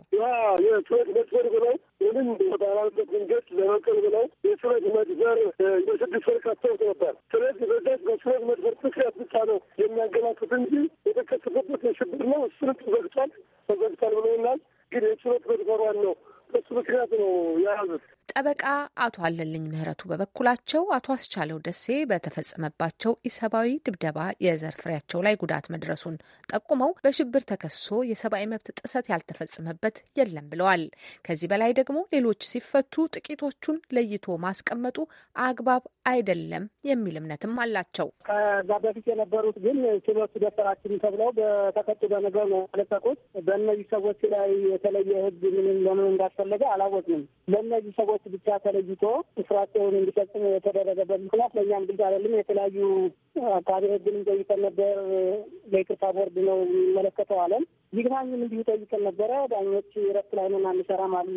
ምንም በባላልበት መንገድ ለመቀል ብለው የስረት መድበር የስድስት ወር ካስተውት ነበር። ስለዚህ በዛት በስረት መድበር ምክንያት ብቻ ነው የሚያገላክት እንጂ የተከሰሰበት የሽብር ነው። እሱን ዘግቷል። ተዘግቷል ብሎናል። ግን የችሎት መድፈሯን ነው በሱ ምክንያት ነው የያዙት። ጠበቃ አቶ አለልኝ ምህረቱ በበኩላቸው አቶ አስቻለው ደሴ በተፈጸመባቸው ኢሰብአዊ ድብደባ የዘር ፍሬያቸው ላይ ጉዳት መድረሱን ጠቁመው በሽብር ተከሶ የሰብአዊ መብት ጥሰት ያልተፈጸመበት የለም ብለዋል። ከዚህ በላይ ደግሞ ሌሎች ሲፈቱ ጥቂቶቹን ለይቶ ማስቀመጡ አግባብ አይደለም የሚል እምነትም አላቸው። ከዛ በፊት የነበሩት ግን ችሎቱ ደፈራችን ተብለው በተቀጡ በነገር ነው በእነዚህ ሰዎች ላይ የተለየ ህግ ምንም ለምን እንዳሰ እንደተፈለገ አላወቅንም። ለእነዚህ ሰዎች ብቻ ተለይቶ ስራቸውን እንዲፈጽሙ የተደረገበት ምክንያት ለእኛም ግልጽ አይደለም። የተለያዩ አካባቢ ህግንም ጠይቀን ነበር። ለይቅርታ ቦርድ ነው የሚመለከተው አለን። ይግባኝም እንዲሁ ጠይቀን ነበረ። ዳኞች ረፍት ላይ ነን አንሰራም አሉ።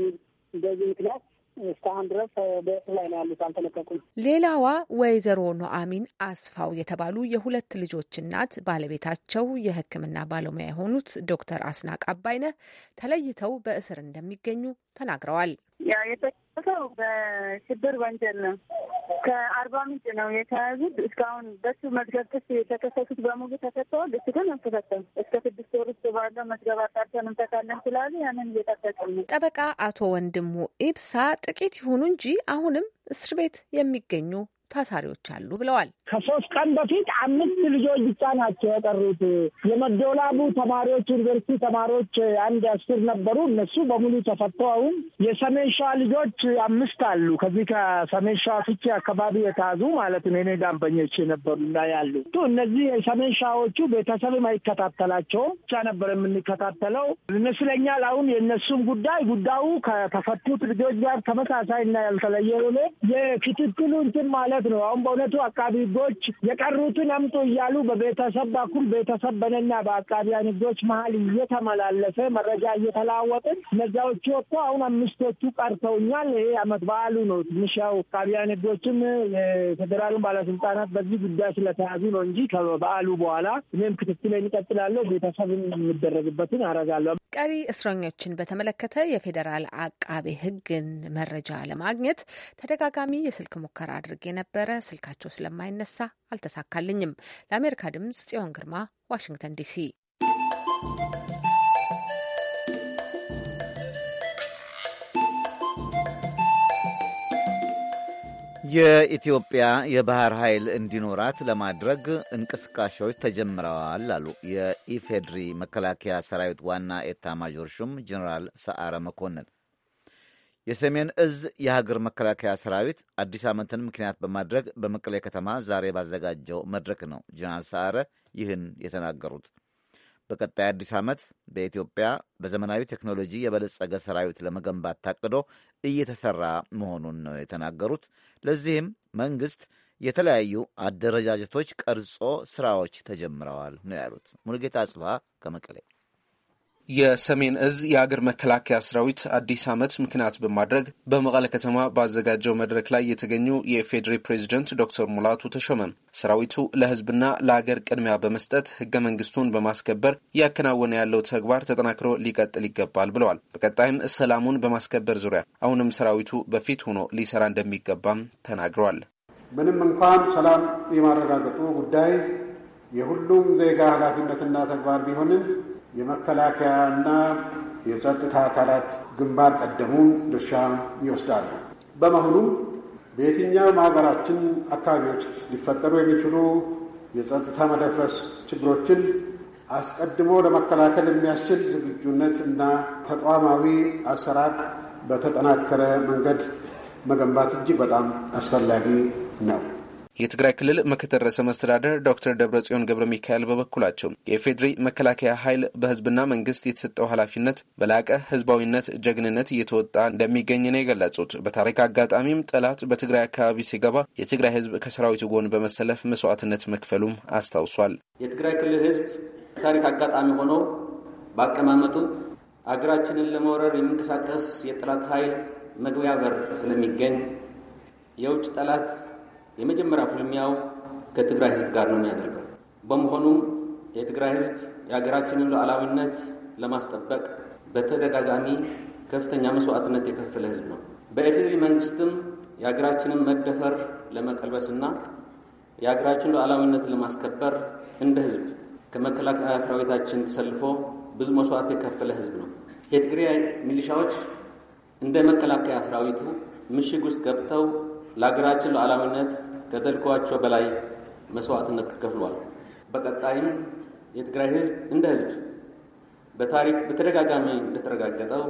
በዚህ ምክንያት እስካሁን ድረስ በእስር ላይ ነው ያሉት፣ አልተለቀቁም። ሌላዋ ወይዘሮ ኖአሚን አስፋው የተባሉ የሁለት ልጆች እናት ባለቤታቸው የሕክምና ባለሙያ የሆኑት ዶክተር አስናቅ አባይነህ ተለይተው በእስር እንደሚገኙ ተናግረዋል። ያ የተሰው በሽብር ወንጀል ነው። ከአርባ ምንጭ ነው የተያዙት። እስካሁን በሱ መዝገብ ክስ የተከሰሱት በሙሉ ተፈተዋል። እሱ ግን አልተፈተም። እስከ ስድስት ወር ውስጥ ባለው መዝገብ አጣርተን እንፈታለን ስላሉ ያንን እየጠበቅን ነው። ጠበቃ አቶ ወንድሙ ኢብሳ ጥቂት ይሁኑ እንጂ አሁንም እስር ቤት የሚገኙ ታሳሪዎች አሉ ብለዋል። ከሶስት ቀን በፊት አምስት ልጆች ብቻ ናቸው የቀሩት። የመዶላቡ ተማሪዎች ዩኒቨርሲቲ ተማሪዎች አንድ አስር ነበሩ። እነሱ በሙሉ ተፈቶ አሁን የሰሜን ሸዋ ልጆች አምስት አሉ። ከዚህ ከሰሜን ሸዋ ፍቼ አካባቢ የተያዙ ማለት ነው። የኔ ደንበኞች የነበሩና ያሉ እነዚህ የሰሜን ሸዋዎቹ ቤተሰብም አይከታተላቸውም ብቻ ነበር የምንከታተለው ይመስለኛል። አሁን የእነሱም ጉዳይ ጉዳዩ ከተፈቱት ልጆች ጋር ተመሳሳይ እና ያልተለየ ሆኖ የክትትሉ እንትን ማለት ማለት ነው። አሁን በእውነቱ አቃቢ ህጎች የቀሩትን አምጡ እያሉ በቤተሰብ በኩል ቤተሰብ በነና በአቃቢያን ህጎች መሀል እየተመላለሰ መረጃ እየተለዋወጥን እነዚያዎቹ ወጥቶ አሁን አምስቶቹ ቀርተውኛል። ይሄ አመት በዓሉ ነው። ትንሽ ያው አቃቢያን ህጎችም የፌዴራሉን ባለስልጣናት በዚህ ጉዳይ ስለተያዙ ነው እንጂ ከበዓሉ በኋላ እኔም ክትትል እቀጥላለሁ። ቤተሰብ የሚደረግበትን አረጋለሁ። ቀሪ እስረኞችን በተመለከተ የፌዴራል አቃቤ ህግን መረጃ ለማግኘት ተደጋጋሚ የስልክ ሙከራ አድርጌ ነበር። ነበረ፣ ስልካቸው ስለማይነሳ አልተሳካልኝም። ለአሜሪካ ድምጽ ጽዮን ግርማ፣ ዋሽንግተን ዲሲ። የኢትዮጵያ የባህር ኃይል እንዲኖራት ለማድረግ እንቅስቃሴዎች ተጀምረዋል አሉ የኢፌድሪ መከላከያ ሰራዊት ዋና ኤታ ማዦር ሹም ጀኔራል ሰዓረ መኮንን። የሰሜን እዝ የሀገር መከላከያ ሰራዊት አዲስ ዓመትን ምክንያት በማድረግ በመቀሌ ከተማ ዛሬ ባዘጋጀው መድረክ ነው ጀነራል ሰዓረ ይህን የተናገሩት። በቀጣይ አዲስ ዓመት በኢትዮጵያ በዘመናዊ ቴክኖሎጂ የበለጸገ ሰራዊት ለመገንባት ታቅዶ እየተሰራ መሆኑን ነው የተናገሩት። ለዚህም መንግስት የተለያዩ አደረጃጀቶች ቀርጾ ስራዎች ተጀምረዋል ነው ያሉት። ሙሉጌታ አጽባ ከመቀሌ የሰሜን እዝ የአገር መከላከያ ሰራዊት አዲስ ዓመት ምክንያት በማድረግ በመቀለ ከተማ ባዘጋጀው መድረክ ላይ የተገኙ የኢፌዴሪ ፕሬዚደንት ዶክተር ሙላቱ ተሾመ ሰራዊቱ ለሕዝብና ለአገር ቅድሚያ በመስጠት ህገ መንግስቱን በማስከበር እያከናወነ ያለው ተግባር ተጠናክሮ ሊቀጥል ይገባል ብለዋል። በቀጣይም ሰላሙን በማስከበር ዙሪያ አሁንም ሰራዊቱ በፊት ሆኖ ሊሰራ እንደሚገባም ተናግረዋል። ምንም እንኳን ሰላም የማረጋገጡ ጉዳይ የሁሉም ዜጋ ኃላፊነትና ተግባር ቢሆንም የመከላከያና የጸጥታ አካላት ግንባር ቀደሙ ድርሻ ይወስዳሉ። በመሆኑም በየትኛውም ሀገራችን አካባቢዎች ሊፈጠሩ የሚችሉ የጸጥታ መደፍረስ ችግሮችን አስቀድሞ ለመከላከል የሚያስችል ዝግጁነት እና ተቋማዊ አሰራር በተጠናከረ መንገድ መገንባት እጅግ በጣም አስፈላጊ ነው። የትግራይ ክልል ምክትል ርዕሰ መስተዳደር ዶክተር ደብረጽዮን ገብረ ሚካኤል በበኩላቸው የኢፌዴሪ መከላከያ ኃይል በህዝብና መንግስት የተሰጠው ኃላፊነት በላቀ ህዝባዊነት፣ ጀግንነት እየተወጣ እንደሚገኝ ነው የገለጹት። በታሪክ አጋጣሚም ጠላት በትግራይ አካባቢ ሲገባ የትግራይ ህዝብ ከሰራዊቱ ጎን በመሰለፍ መስዋዕትነት መክፈሉም አስታውሷል። የትግራይ ክልል ህዝብ ታሪክ አጋጣሚ ሆኖ በአቀማመጡ አገራችንን ለመውረር የሚንቀሳቀስ የጠላት ኃይል መግቢያ በር ስለሚገኝ የውጭ ጠላት የመጀመሪያ ፍልሚያው ከትግራይ ህዝብ ጋር ነው የሚያደርገው። በመሆኑም የትግራይ ህዝብ የሀገራችንን ሉዓላዊነት ለማስጠበቅ በተደጋጋሚ ከፍተኛ መስዋዕትነት የከፈለ ህዝብ ነው። በኢፌዴሪ መንግስትም የሀገራችንን መደፈር ለመቀልበስና የሀገራችን ሉዓላዊነት ለማስከበር እንደ ህዝብ ከመከላከያ ሰራዊታችን ተሰልፎ ብዙ መስዋዕት የከፈለ ህዝብ ነው። የትግራይ ሚሊሻዎች እንደ መከላከያ ሰራዊቱ ምሽግ ውስጥ ገብተው ለሀገራችን ለዓላምነት ከተልኳቸው በላይ መስዋዕትነት ተከፍሏል። በቀጣይም የትግራይ ህዝብ እንደ ህዝብ በታሪክ በተደጋጋሚ እንደተረጋገጠው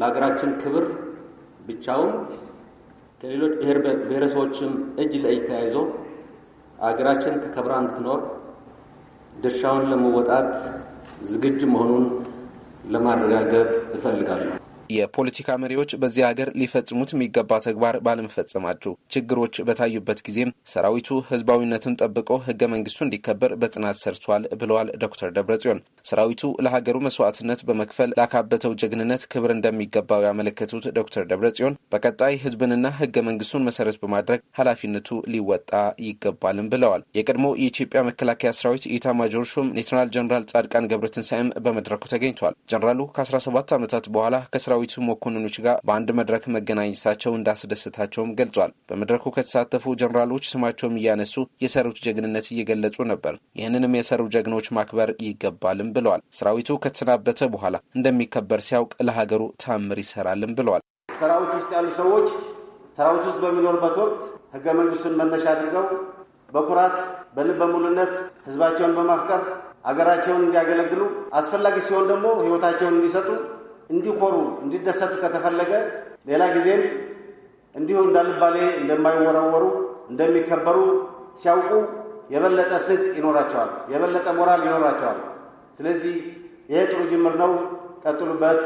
ለሀገራችን ክብር ብቻውን ከሌሎች ብሔረሰቦችም እጅ ለእጅ ተያይዞ አገራችን ተከብራ እንድትኖር ድርሻውን ለመወጣት ዝግጁ መሆኑን ለማረጋገጥ እፈልጋለሁ። የፖለቲካ መሪዎች በዚህ ሀገር ሊፈጽሙት የሚገባ ተግባር ባለመፈጸማቸው ችግሮች በታዩበት ጊዜም ሰራዊቱ ህዝባዊነትን ጠብቆ ህገ መንግስቱ እንዲከበር በጽናት ሰርቷል ብለዋል ዶክተር ደብረጽዮን። ሰራዊቱ ለሀገሩ መስዋዕትነት በመክፈል ላካበተው ጀግንነት ክብር እንደሚገባው ያመለከቱት ዶክተር ደብረጽዮን በቀጣይ ህዝብንና ህገ መንግስቱን መሰረት በማድረግ ኃላፊነቱ ሊወጣ ይገባልም ብለዋል። የቀድሞ የኢትዮጵያ መከላከያ ሰራዊት ኢታማጆር ሹም ሌተናል ጀኔራል ጻድቃን ገብረትንሳኤም በመድረኩ ተገኝቷል። ጀኔራሉ ከ17 ዓመታት በኋላ ከስራ ከሰራዊቱ መኮንኖች ጋር በአንድ መድረክ መገናኘታቸው እንዳስደስታቸውም ገልጿል። በመድረኩ ከተሳተፉ ጀኔራሎች ስማቸውም እያነሱ የሰሩት ጀግንነት እየገለጹ ነበር። ይህንንም የሰሩ ጀግኖች ማክበር ይገባልም ብለዋል። ሰራዊቱ ከተሰናበተ በኋላ እንደሚከበር ሲያውቅ ለሀገሩ ታምር ይሰራልም ብለዋል። ሰራዊት ውስጥ ያሉ ሰዎች ሰራዊት ውስጥ በሚኖርበት ወቅት ህገ መንግስቱን መነሻ አድርገው በኩራት በልበ ሙሉነት ህዝባቸውን በማፍቀር አገራቸውን እንዲያገለግሉ አስፈላጊ ሲሆን ደግሞ ህይወታቸውን እንዲሰጡ እንዲኮሩ እንዲደሰቱ ከተፈለገ ሌላ ጊዜም እንዲሁ እንዳልባሌ እንደማይወረወሩ እንደሚከበሩ ሲያውቁ የበለጠ ስንቅ ይኖራቸዋል፣ የበለጠ ሞራል ይኖራቸዋል። ስለዚህ ይሄ ጥሩ ጅምር ነው፣ ቀጥሉበት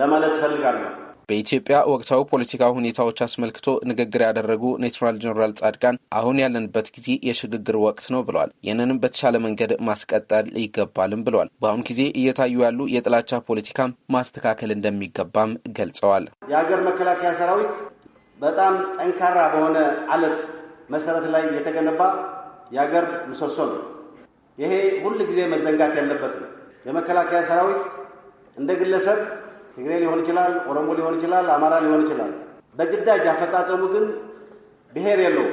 ለማለት እፈልጋለሁ። በኢትዮጵያ ወቅታዊ ፖለቲካዊ ሁኔታዎች አስመልክቶ ንግግር ያደረጉ ኔትራል ጀኔራል ጻድቃን አሁን ያለንበት ጊዜ የሽግግር ወቅት ነው ብለዋል። ይህንንም በተሻለ መንገድ ማስቀጠል ይገባልም ብለዋል። በአሁኑ ጊዜ እየታዩ ያሉ የጥላቻ ፖለቲካም ማስተካከል እንደሚገባም ገልጸዋል። የሀገር መከላከያ ሰራዊት በጣም ጠንካራ በሆነ አለት መሰረት ላይ የተገነባ የሀገር ምሰሶ ነው። ይሄ ሁል ጊዜ መዘንጋት ያለበት ነው። የመከላከያ ሰራዊት እንደ ግለሰብ ትግሬ ሊሆን ይችላል፣ ኦሮሞ ሊሆን ይችላል፣ አማራ ሊሆን ይችላል። በግዳጅ አፈጻጸሙ ግን ብሔር የለው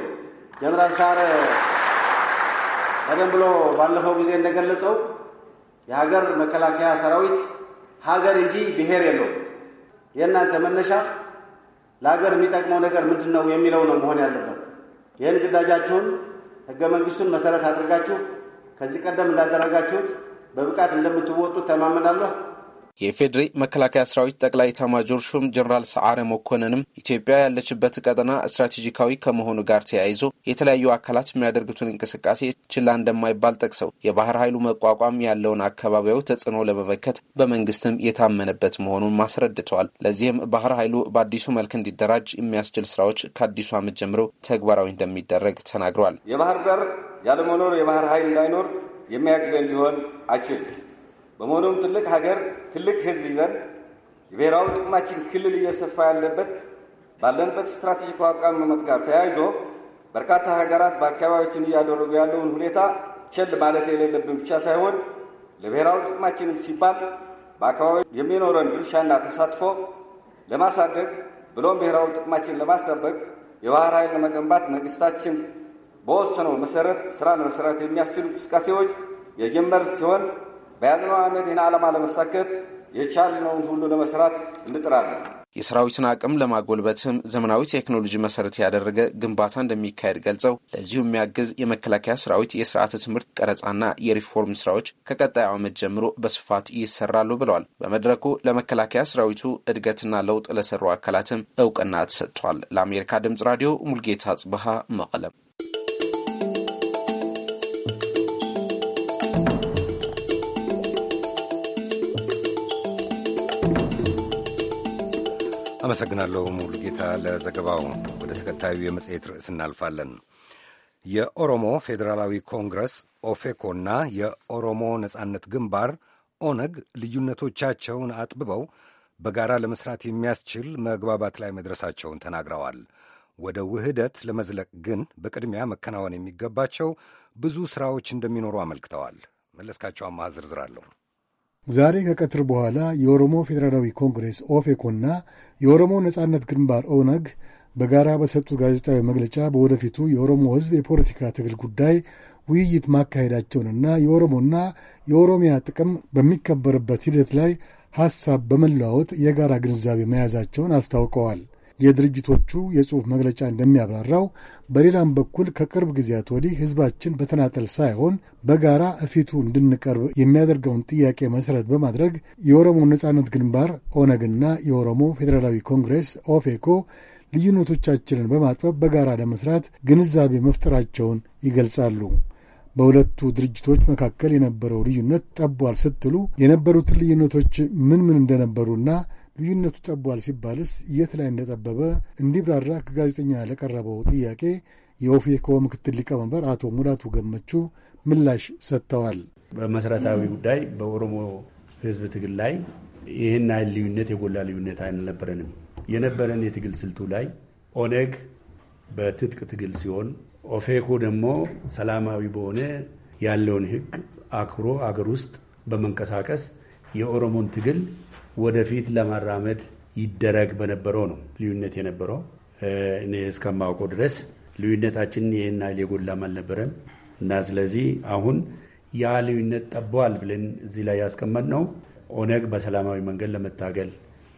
ጀነራል ሳር ቀደም ብሎ ባለፈው ጊዜ እንደገለጸው የሀገር መከላከያ ሰራዊት ሀገር እንጂ ብሔር የለው የእናንተ መነሻ ለሀገር የሚጠቅመው ነገር ምንድን ነው የሚለው ነው መሆን ያለበት። ይህን ግዳጃችሁን ህገ መንግስቱን መሰረት አድርጋችሁ ከዚህ ቀደም እንዳደረጋችሁት በብቃት እንደምትወጡት ተማመናለሁ። የኢፌዴሪ መከላከያ ሰራዊት ጠቅላይ ኤታማዦር ሹም ጀኔራል ሰዓረ መኮንንም ኢትዮጵያ ያለችበት ቀጠና ስትራቴጂካዊ ከመሆኑ ጋር ተያይዞ የተለያዩ አካላት የሚያደርጉትን እንቅስቃሴ ችላ እንደማይባል ጠቅሰው የባህር ኃይሉ መቋቋም ያለውን አካባቢያዊ ተጽዕኖ ለመመከት በመንግስትም የታመነበት መሆኑን አስረድተዋል። ለዚህም ባህር ኃይሉ በአዲሱ መልክ እንዲደራጅ የሚያስችል ስራዎች ከአዲሱ ዓመት ጀምሮ ተግባራዊ እንደሚደረግ ተናግረዋል። የባህር በር ያለመኖር የባህር ኃይል እንዳይኖር የሚያግደን ሊሆን አይችልም። በመሆኑም ትልቅ ሀገር፣ ትልቅ ህዝብ ይዘን የብሔራዊ ጥቅማችን ክልል እየሰፋ ያለበት ባለንበት ስትራቴጂክ አቀማመጥ ጋር ተያይዞ በርካታ ሀገራት በአካባቢያችን እያደረጉ ያለውን ሁኔታ ቸል ማለት የሌለብን ብቻ ሳይሆን ለብሔራዊ ጥቅማችንም ሲባል በአካባቢ የሚኖረን ድርሻና ተሳትፎ ለማሳደግ ብሎም ብሔራዊ ጥቅማችን ለማስጠበቅ የባህር ኃይል ለመገንባት መንግስታችን በወሰነው መሰረት ስራ ለመስራት የሚያስችሉ እንቅስቃሴዎች የጀመር ሲሆን በያዝነው ዓመት ይህን ዓላማ ለማሳካት የቻልነውን ሁሉ ለመስራት እንጥራለን። የሰራዊትን አቅም ለማጎልበትም ዘመናዊ ቴክኖሎጂ መሰረት ያደረገ ግንባታ እንደሚካሄድ ገልጸው ለዚሁ የሚያግዝ የመከላከያ ሰራዊት የስርዓተ ትምህርት ቀረጻና የሪፎርም ስራዎች ከቀጣዩ ዓመት ጀምሮ በስፋት ይሰራሉ ብለዋል። በመድረኩ ለመከላከያ ሰራዊቱ እድገትና ለውጥ ለሰሩ አካላትም እውቅና ተሰጥቷል። ለአሜሪካ ድምጽ ራዲዮ ሙልጌታ ጽብሃ መቀለም አመሰግናለሁ ሙሉ ጌታ ለዘገባው። ወደ ተከታዩ የመጽሔት ርዕስ እናልፋለን። የኦሮሞ ፌዴራላዊ ኮንግረስ ኦፌኮ እና የኦሮሞ ነጻነት ግንባር ኦነግ ልዩነቶቻቸውን አጥብበው በጋራ ለመስራት የሚያስችል መግባባት ላይ መድረሳቸውን ተናግረዋል። ወደ ውህደት ለመዝለቅ ግን በቅድሚያ መከናወን የሚገባቸው ብዙ ሥራዎች እንደሚኖሩ አመልክተዋል። መለስካቸው አማሃ ዝርዝር አለሁ ዛሬ ከቀትር በኋላ የኦሮሞ ፌዴራላዊ ኮንግሬስ ኦፌኮና የኦሮሞ ነጻነት ግንባር ኦነግ በጋራ በሰጡት ጋዜጣዊ መግለጫ በወደፊቱ የኦሮሞ ሕዝብ የፖለቲካ ትግል ጉዳይ ውይይት ማካሄዳቸውንና የኦሮሞና የኦሮሚያ ጥቅም በሚከበርበት ሂደት ላይ ሐሳብ በመለዋወጥ የጋራ ግንዛቤ መያዛቸውን አስታውቀዋል። የድርጅቶቹ የጽሑፍ መግለጫ እንደሚያብራራው በሌላም በኩል ከቅርብ ጊዜያት ወዲህ ሕዝባችን በተናጠል ሳይሆን በጋራ እፊቱ እንድንቀርብ የሚያደርገውን ጥያቄ መሠረት በማድረግ የኦሮሞ ነጻነት ግንባር ኦነግና የኦሮሞ ፌዴራላዊ ኮንግሬስ ኦፌኮ ልዩነቶቻችንን በማጥበብ በጋራ ለመስራት ግንዛቤ መፍጠራቸውን ይገልጻሉ። በሁለቱ ድርጅቶች መካከል የነበረው ልዩነት ጠቧል ስትሉ የነበሩትን ልዩነቶች ምን ምን እንደነበሩና ልዩነቱ ጠቧል ሲባልስ የት ላይ እንደጠበበ እንዲብራራ ከጋዜጠኛ ለቀረበው ጥያቄ የኦፌኮ ምክትል ሊቀመንበር አቶ ሙላቱ ገመቹ ምላሽ ሰጥተዋል። በመሰረታዊ ጉዳይ በኦሮሞ ህዝብ ትግል ላይ ይህን አይል ልዩነት የጎላ ልዩነት አልነበረንም። የነበረን የትግል ስልቱ ላይ ኦነግ በትጥቅ ትግል ሲሆን፣ ኦፌኮ ደግሞ ሰላማዊ በሆነ ያለውን ህግ አክብሮ አገር ውስጥ በመንቀሳቀስ የኦሮሞን ትግል ወደፊት ለማራመድ ይደረግ በነበረው ነው ልዩነት የነበረው። እኔ እስከማውቀው ድረስ ልዩነታችን ይህን ያህል የጎላም አልነበረም እና ስለዚህ አሁን ያ ልዩነት ጠቧል ብለን እዚህ ላይ ያስቀመጥ ነው። ኦነግ በሰላማዊ መንገድ ለመታገል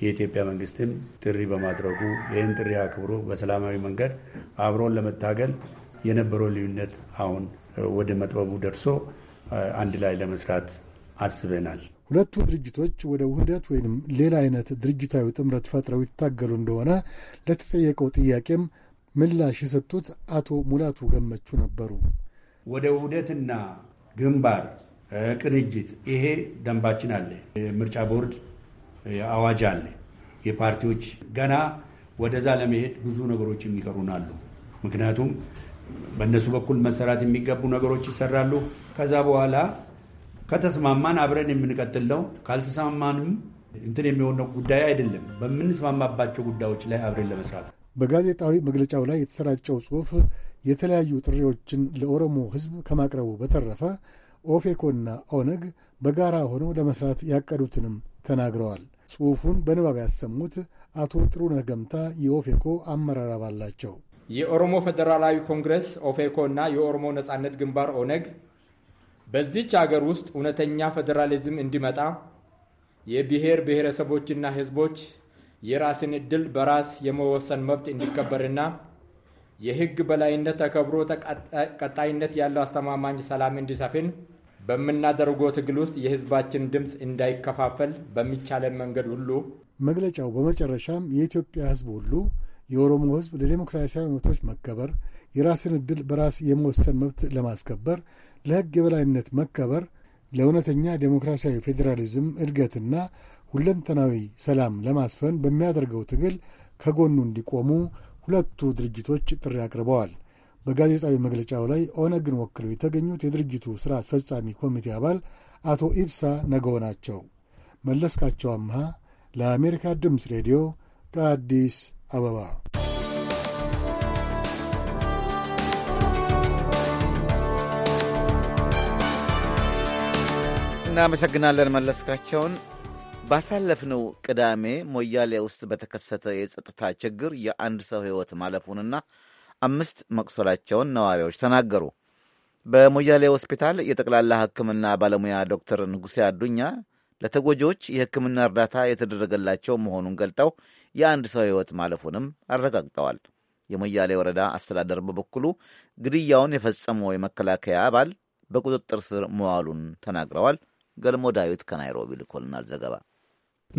የኢትዮጵያ መንግስትም ጥሪ በማድረጉ ይህን ጥሪ አክብሮ በሰላማዊ መንገድ አብሮን ለመታገል የነበረው ልዩነት አሁን ወደ መጥበቡ ደርሶ አንድ ላይ ለመስራት አስበናል። ሁለቱ ድርጅቶች ወደ ውህደት ወይም ሌላ አይነት ድርጅታዊ ጥምረት ፈጥረው ይታገሉ እንደሆነ ለተጠየቀው ጥያቄም ምላሽ የሰጡት አቶ ሙላቱ ገመቹ ነበሩ። ወደ ውህደትና ግንባር ቅንጅት ይሄ ደንባችን አለ፣ የምርጫ ቦርድ አዋጅ አለ። የፓርቲዎች ገና ወደዛ ለመሄድ ብዙ ነገሮች የሚቀሩን አሉ። ምክንያቱም በእነሱ በኩል መሰራት የሚገቡ ነገሮች ይሰራሉ። ከዛ በኋላ ከተስማማን አብረን የምንቀጥል ነው። ካልተስማማንም እንትን የሚሆነው ጉዳይ አይደለም። በምንስማማባቸው ጉዳዮች ላይ አብረን ለመስራት በጋዜጣዊ መግለጫው ላይ የተሰራጨው ጽሑፍ የተለያዩ ጥሪዎችን ለኦሮሞ ሕዝብ ከማቅረቡ በተረፈ ኦፌኮና ኦነግ በጋራ ሆነው ለመስራት ያቀዱትንም ተናግረዋል። ጽሑፉን በንባብ ያሰሙት አቶ ጥሩነህ ገምታ የኦፌኮ አመራር አባል ናቸው። የኦሮሞ ፌዴራላዊ ኮንግረስ ኦፌኮ እና የኦሮሞ ነጻነት ግንባር ኦነግ በዚች አገር ውስጥ እውነተኛ ፌዴራሊዝም እንዲመጣ የብሔር ብሔረሰቦችና ሕዝቦች የራስን ዕድል በራስ የመወሰን መብት እንዲከበርና የሕግ በላይነት ተከብሮ ቀጣይነት ያለው አስተማማኝ ሰላም እንዲሰፍን በምናደርገው ትግል ውስጥ የሕዝባችን ድምፅ እንዳይከፋፈል በሚቻለን መንገድ ሁሉ መግለጫው በመጨረሻም የኢትዮጵያ ሕዝብ ሁሉ የኦሮሞ ሕዝብ ለዴሞክራሲያዊ መብቶች መከበር የራስን ዕድል በራስ የመወሰን መብት ለማስከበር ለሕግ የበላይነት መከበር ለእውነተኛ ዴሞክራሲያዊ ፌዴራሊዝም እድገትና ሁለንተናዊ ሰላም ለማስፈን በሚያደርገው ትግል ከጎኑ እንዲቆሙ ሁለቱ ድርጅቶች ጥሪ አቅርበዋል። በጋዜጣዊ መግለጫው ላይ ኦነግን ወክለው የተገኙት የድርጅቱ ሥራ አስፈጻሚ ኮሚቴ አባል አቶ ኢብሳ ነገው ናቸው። መለስካቸው አምሃ ለአሜሪካ ድምፅ ሬዲዮ ከአዲስ አበባ እናመሰግናለን መለስካቸውን። ባሳለፍነው ቅዳሜ ሞያሌ ውስጥ በተከሰተ የጸጥታ ችግር የአንድ ሰው ሕይወት ማለፉንና አምስት መቁሰላቸውን ነዋሪዎች ተናገሩ። በሞያሌ ሆስፒታል የጠቅላላ ሕክምና ባለሙያ ዶክተር ንጉሴ አዱኛ ለተጎጂዎች የሕክምና እርዳታ የተደረገላቸው መሆኑን ገልጠው የአንድ ሰው ሕይወት ማለፉንም አረጋግጠዋል። የሞያሌ ወረዳ አስተዳደር በበኩሉ ግድያውን የፈጸመው የመከላከያ አባል በቁጥጥር ስር መዋሉን ተናግረዋል። ገልሞ ዳዊት ከናይሮቢ ልኮልናል ዘገባ።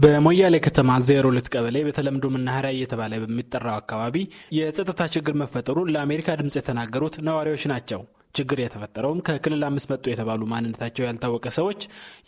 በሞያሌ ከተማ ዜሮ ሁለት ቀበሌ በተለምዶ መናኸሪያ እየተባለ በሚጠራው አካባቢ የጸጥታ ችግር መፈጠሩን ለአሜሪካ ድምፅ የተናገሩት ነዋሪዎች ናቸው። ችግር የተፈጠረውም ከክልል አምስት መጡ የተባሉ ማንነታቸው ያልታወቀ ሰዎች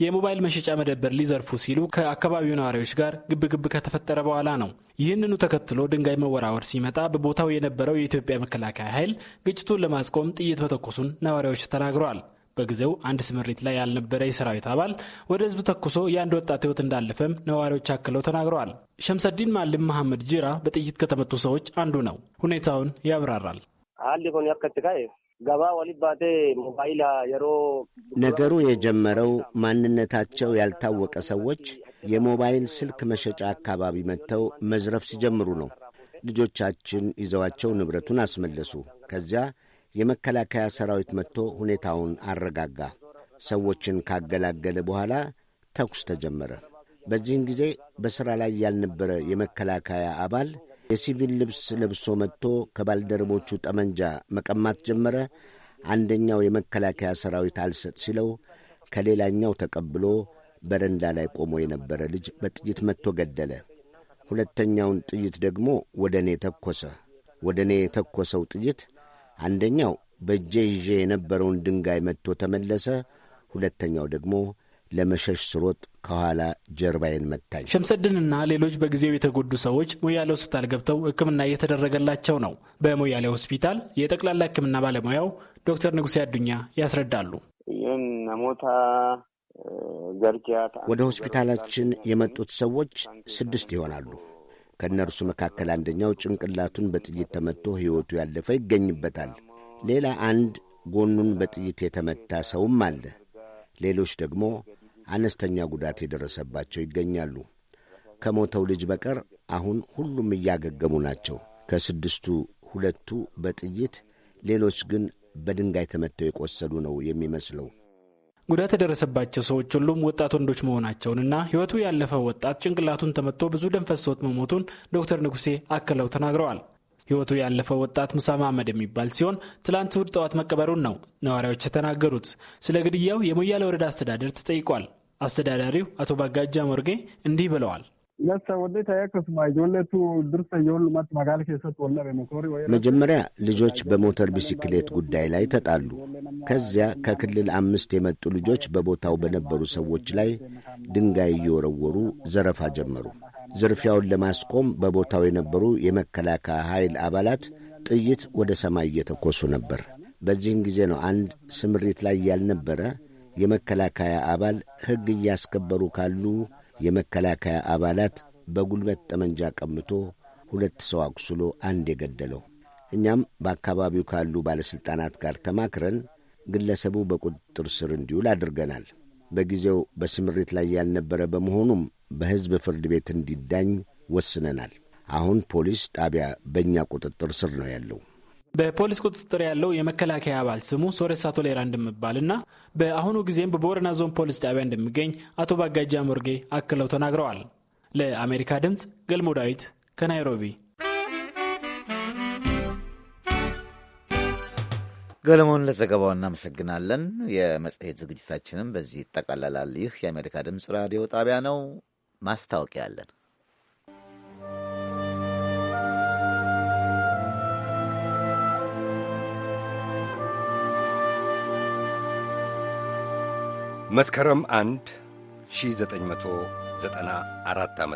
የሞባይል መሸጫ መደብር ሊዘርፉ ሲሉ ከአካባቢው ነዋሪዎች ጋር ግብግብ ከተፈጠረ በኋላ ነው። ይህንኑ ተከትሎ ድንጋይ መወራወር ሲመጣ በቦታው የነበረው የኢትዮጵያ መከላከያ ኃይል ግጭቱን ለማስቆም ጥይት መተኮሱን ነዋሪዎች ተናግረዋል። በጊዜው አንድ ስምሪት ላይ ያልነበረ የሰራዊት አባል ወደ ህዝብ ተኩሶ የአንድ ወጣት ህይወት እንዳለፈም ነዋሪዎች አክለው ተናግረዋል። ሸምሰዲን ማልም መሐመድ ጅራ በጥይት ከተመቱ ሰዎች አንዱ ነው። ሁኔታውን ያብራራል። ነገሩ የጀመረው ማንነታቸው ያልታወቀ ሰዎች የሞባይል ስልክ መሸጫ አካባቢ መጥተው መዝረፍ ሲጀምሩ ነው። ልጆቻችን ይዘዋቸው ንብረቱን አስመለሱ። ከዚያ የመከላከያ ሰራዊት መጥቶ ሁኔታውን አረጋጋ። ሰዎችን ካገላገለ በኋላ ተኩስ ተጀመረ። በዚህን ጊዜ በሥራ ላይ ያልነበረ የመከላከያ አባል የሲቪል ልብስ ለብሶ መጥቶ ከባልደረቦቹ ጠመንጃ መቀማት ጀመረ። አንደኛው የመከላከያ ሰራዊት አልሰጥ ሲለው ከሌላኛው ተቀብሎ በረንዳ ላይ ቆሞ የነበረ ልጅ በጥይት መጥቶ ገደለ። ሁለተኛውን ጥይት ደግሞ ወደ እኔ ተኮሰ። ወደ እኔ የተኮሰው ጥይት አንደኛው በእጄ ይዤ የነበረውን ድንጋይ መጥቶ ተመለሰ። ሁለተኛው ደግሞ ለመሸሽ ስሮጥ ከኋላ ጀርባዬን መታኝ። ሸምሰድንና ሌሎች በጊዜው የተጎዱ ሰዎች ሞያሌ ሆስፒታል ገብተው ሕክምና እየተደረገላቸው ነው። በሞያሌ ሆስፒታል የጠቅላላ ሕክምና ባለሙያው ዶክተር ንጉሴ አዱኛ ያስረዳሉ። ወደ ሆስፒታላችን የመጡት ሰዎች ስድስት ይሆናሉ። ከእነርሱ መካከል አንደኛው ጭንቅላቱን በጥይት ተመትቶ ሕይወቱ ያለፈ ይገኝበታል። ሌላ አንድ ጎኑን በጥይት የተመታ ሰውም አለ። ሌሎች ደግሞ አነስተኛ ጉዳት የደረሰባቸው ይገኛሉ። ከሞተው ልጅ በቀር አሁን ሁሉም እያገገሙ ናቸው። ከስድስቱ ሁለቱ በጥይት ሌሎች ግን በድንጋይ ተመተው የቆሰሉ ነው የሚመስለው። ጉዳት የደረሰባቸው ሰዎች ሁሉም ወጣት ወንዶች መሆናቸውንና ሕይወቱ ያለፈው ወጣት ጭንቅላቱን ተመጥቶ ብዙ ደም ፈሶት መሞቱን ዶክተር ንጉሴ አክለው ተናግረዋል። ሕይወቱ ያለፈው ወጣት ሙሳ መሐመድ የሚባል ሲሆን ትላንት እሁድ ጠዋት መቀበሩን ነው ነዋሪዎች የተናገሩት። ስለ ግድያው የሞያሌ ወረዳ አስተዳደር ተጠይቋል። አስተዳዳሪው አቶ ባጋጃ ሞርጌ እንዲህ ብለዋል። መጀመሪያ ልጆች በሞተር ቢስክሌት ጉዳይ ላይ ተጣሉ። ከዚያ ከክልል አምስት የመጡ ልጆች በቦታው በነበሩ ሰዎች ላይ ድንጋይ እየወረወሩ ዘረፋ ጀመሩ። ዝርፊያውን ለማስቆም በቦታው የነበሩ የመከላከያ ኃይል አባላት ጥይት ወደ ሰማይ እየተኮሱ ነበር። በዚህን ጊዜ ነው አንድ ስምሪት ላይ ያልነበረ የመከላከያ አባል ሕግ እያስከበሩ ካሉ የመከላከያ አባላት በጉልበት ጠመንጃ ቀምቶ ሁለት ሰው አቁስሎ አንድ የገደለው። እኛም በአካባቢው ካሉ ባለሥልጣናት ጋር ተማክረን ግለሰቡ በቁጥጥር ስር እንዲውል አድርገናል። በጊዜው በስምሪት ላይ ያልነበረ በመሆኑም በሕዝብ ፍርድ ቤት እንዲዳኝ ወስነናል። አሁን ፖሊስ ጣቢያ በእኛ ቁጥጥር ስር ነው ያለው። በፖሊስ ቁጥጥር ያለው የመከላከያ አባል ስሙ ሶሬሳ ቶሌራ እንደሚባልና በአሁኑ ጊዜም በቦረና ዞን ፖሊስ ጣቢያ እንደሚገኝ አቶ ባጋጃ ሞርጌ አክለው ተናግረዋል። ለአሜሪካ ድምፅ ገልሞ ዳዊት ከናይሮቢ። ገለሞን ለዘገባው እናመሰግናለን። የመጽሔት ዝግጅታችንም በዚህ ይጠቃለላል። ይህ የአሜሪካ ድምፅ ራዲዮ ጣቢያ ነው። ማስታወቂያ አለን። መስከረም 1 1994 ዓ ም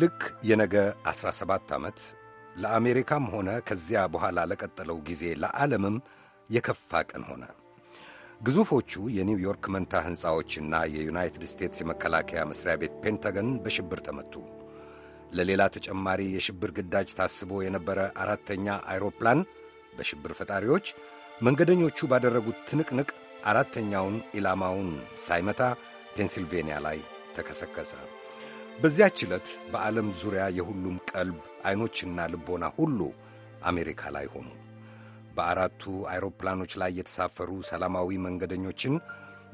ልክ የነገ 17 ዓመት ለአሜሪካም ሆነ ከዚያ በኋላ ለቀጠለው ጊዜ ለዓለምም የከፋ ቀን ሆነ። ግዙፎቹ የኒውዮርክ መንታ ሕንፃዎችና የዩናይትድ ስቴትስ የመከላከያ መሥሪያ ቤት ፔንታገን በሽብር ተመቱ። ለሌላ ተጨማሪ የሽብር ግዳጅ ታስቦ የነበረ አራተኛ አይሮፕላን በሽብር ፈጣሪዎች መንገደኞቹ ባደረጉት ትንቅንቅ አራተኛውን ኢላማውን ሳይመታ ፔንሲልቬንያ ላይ ተከሰከሰ። በዚያች ዕለት በዓለም ዙሪያ የሁሉም ቀልብ ዐይኖችና ልቦና ሁሉ አሜሪካ ላይ ሆኑ። በአራቱ አይሮፕላኖች ላይ የተሳፈሩ ሰላማዊ መንገደኞችን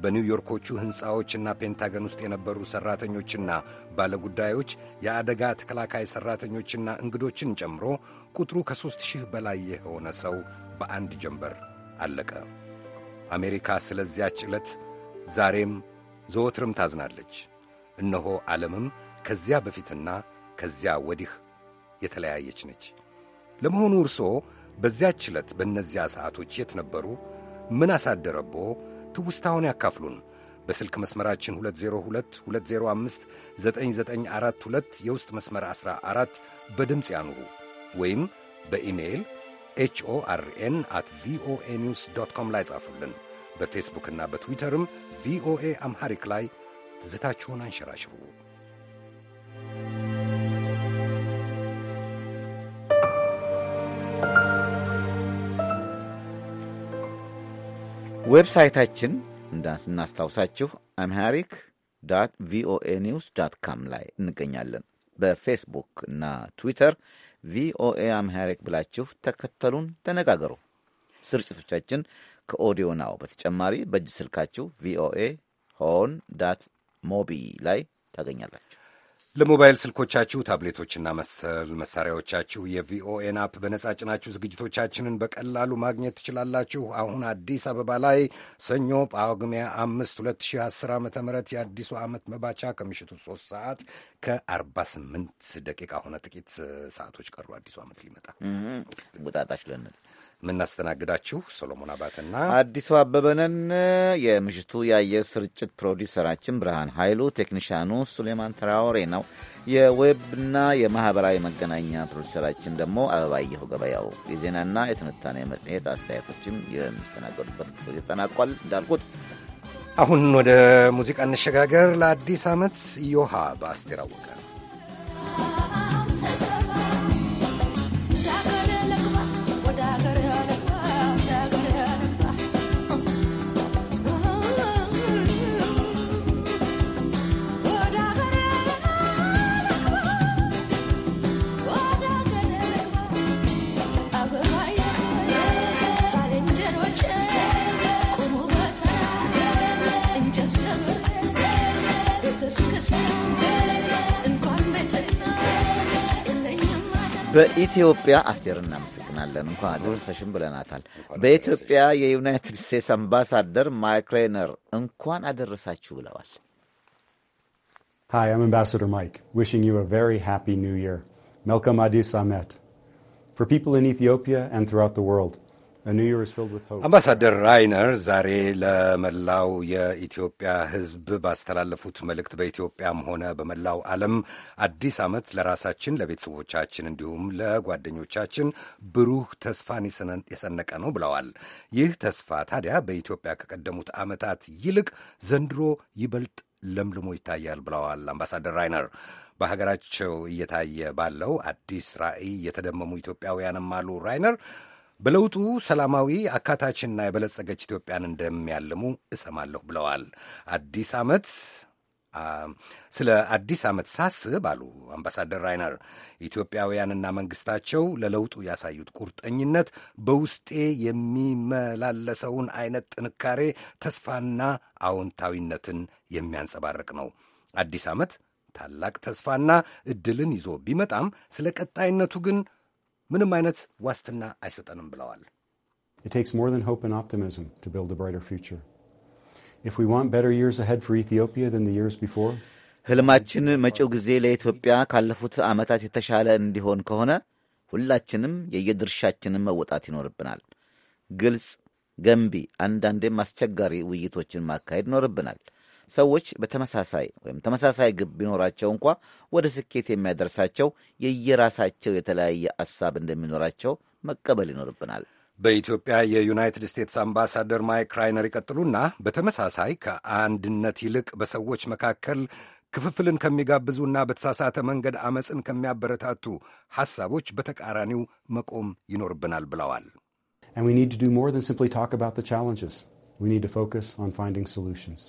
በኒውዮርኮቹ ሕንፃዎችና ፔንታገን ውስጥ የነበሩ ሠራተኞችና ባለጉዳዮች የአደጋ ተከላካይ ሠራተኞችና እንግዶችን ጨምሮ ቁጥሩ ከሦስት ሺህ በላይ የሆነ ሰው በአንድ ጀንበር አለቀ። አሜሪካ ስለዚያች ዕለት ዛሬም ዘወትርም ታዝናለች። እነሆ ዓለምም ከዚያ በፊትና ከዚያ ወዲህ የተለያየች ነች። ለመሆኑ እርስዎ በዚያች ዕለት በእነዚያ ሰዓቶች የት ነበሩ? ምን አሳደረቦ? ትውስታውን ያካፍሉን። በስልክ መስመራችን 2022059942 የውስጥ መስመር 14 በድምፅ ያኑሩ ወይም በኢሜይል ኤችኦአርኤን አት ቪኦኤ ኒውስ ዶት ኮም ላይ ጻፉልን። በፌስቡክና በትዊተርም ቪኦኤ አምሃሪክ ላይ ትዝታችሁን አንሸራሽሩ። ዌብሳይታችን እንዳስናስታውሳችሁ አምሃሪክ ቪኦኤ ኒውስ ዳት ካም ላይ እንገኛለን። በፌስቡክ እና ትዊተር ቪኦኤ አምሃሪክ ብላችሁ ተከተሉን፣ ተነጋገሩ። ስርጭቶቻችን ከኦዲዮ ናው በተጨማሪ በእጅ ስልካችሁ ቪኦኤ ሆን ዳት ሞቢ ላይ ታገኛላችሁ። ለሞባይል ስልኮቻችሁ ታብሌቶችና መሰል መሳሪያዎቻችሁ የቪኦኤን አፕ በነጻ ጭናችሁ ዝግጅቶቻችንን በቀላሉ ማግኘት ትችላላችሁ። አሁን አዲስ አበባ ላይ ሰኞ ጳጉሜ አምስት ሁለት ሺህ አስር ዓመተ ምህረት የአዲሱ ዓመት መባቻ ከምሽቱ ሶስት ሰዓት ከአርባ ስምንት ደቂቃ ሆነ። ጥቂት ሰዓቶች ቀሩ አዲሱ ዓመት ሊመጣ ጣጣሽ የምናስተናግዳችሁ ሰሎሞን አባትና አዲሱ አበበነን የምሽቱ የአየር ስርጭት ፕሮዲውሰራችን ብርሃን ኃይሉ፣ ቴክኒሻኑ ሱሌማን ተራወሬ ነው። የዌብና የማህበራዊ መገናኛ ፕሮዲውሰራችን ደግሞ አበባየሁ ገበያው። የዜናና የትንታኔ መጽሔት አስተያየቶችም የሚስተናገዱበት ክፍል ይጠናቋል። እንዳልኩት አሁን ወደ ሙዚቃ እንሸጋገር። ለአዲስ ዓመት ዮሃ በአስቴር አወቀ በኢትዮጵያ አስቴር እናመሰግናለን። እንኳን ብለናታል። በኢትዮጵያ የዩናይትድ ስቴትስ አምባሳደር ማይክ ሬነር እንኳን አደረሳችሁ ብለዋል። Hi, I'm Ambassador Mike, wishing you a very happy new year. Melkom Adis Ahmet. For people in Ethiopia and throughout the world, አምባሳደር ራይነር ዛሬ ለመላው የኢትዮጵያ ሕዝብ ባስተላለፉት መልእክት በኢትዮጵያም ሆነ በመላው ዓለም አዲስ ዓመት ለራሳችን ለቤተሰቦቻችን፣ እንዲሁም ለጓደኞቻችን ብሩህ ተስፋን የሰነቀ ነው ብለዋል። ይህ ተስፋ ታዲያ በኢትዮጵያ ከቀደሙት ዓመታት ይልቅ ዘንድሮ ይበልጥ ለምልሞ ይታያል ብለዋል አምባሳደር ራይነር። በሀገራቸው እየታየ ባለው አዲስ ራዕይ የተደመሙ ኢትዮጵያውያንም አሉ ራይነር በለውጡ ሰላማዊ አካታችና የበለጸገች ኢትዮጵያን እንደሚያልሙ እሰማለሁ ብለዋል። አዲስ ዓመት ስለ አዲስ ዓመት ሳስብ አሉ አምባሳደር ራይነር ኢትዮጵያውያንና መንግስታቸው ለለውጡ ያሳዩት ቁርጠኝነት በውስጤ የሚመላለሰውን አይነት ጥንካሬ፣ ተስፋና አዎንታዊነትን የሚያንጸባርቅ ነው። አዲስ ዓመት ታላቅ ተስፋና እድልን ይዞ ቢመጣም ስለ ቀጣይነቱ ግን ምንም አይነት ዋስትና አይሰጠንም ብለዋል። ህልማችን መጪው ጊዜ ለኢትዮጵያ ካለፉት ዓመታት የተሻለ እንዲሆን ከሆነ ሁላችንም የየድርሻችንን መወጣት ይኖርብናል። ግልጽ፣ ገንቢ፣ አንዳንዴም አስቸጋሪ ውይይቶችን ማካሄድ ይኖርብናል። ሰዎች በተመሳሳይ ወይም ተመሳሳይ ግብ ቢኖራቸው እንኳ ወደ ስኬት የሚያደርሳቸው የየራሳቸው የተለያየ ሀሳብ እንደሚኖራቸው መቀበል ይኖርብናል። በኢትዮጵያ የዩናይትድ ስቴትስ አምባሳደር ማይክ ራይነር ይቀጥሉና በተመሳሳይ ከአንድነት ይልቅ በሰዎች መካከል ክፍፍልን ከሚጋብዙና በተሳሳተ መንገድ አመፅን ከሚያበረታቱ ሐሳቦች በተቃራኒው መቆም ይኖርብናል ብለዋል። And we need to do more than simply talk about the challenges. We need to focus on finding solutions.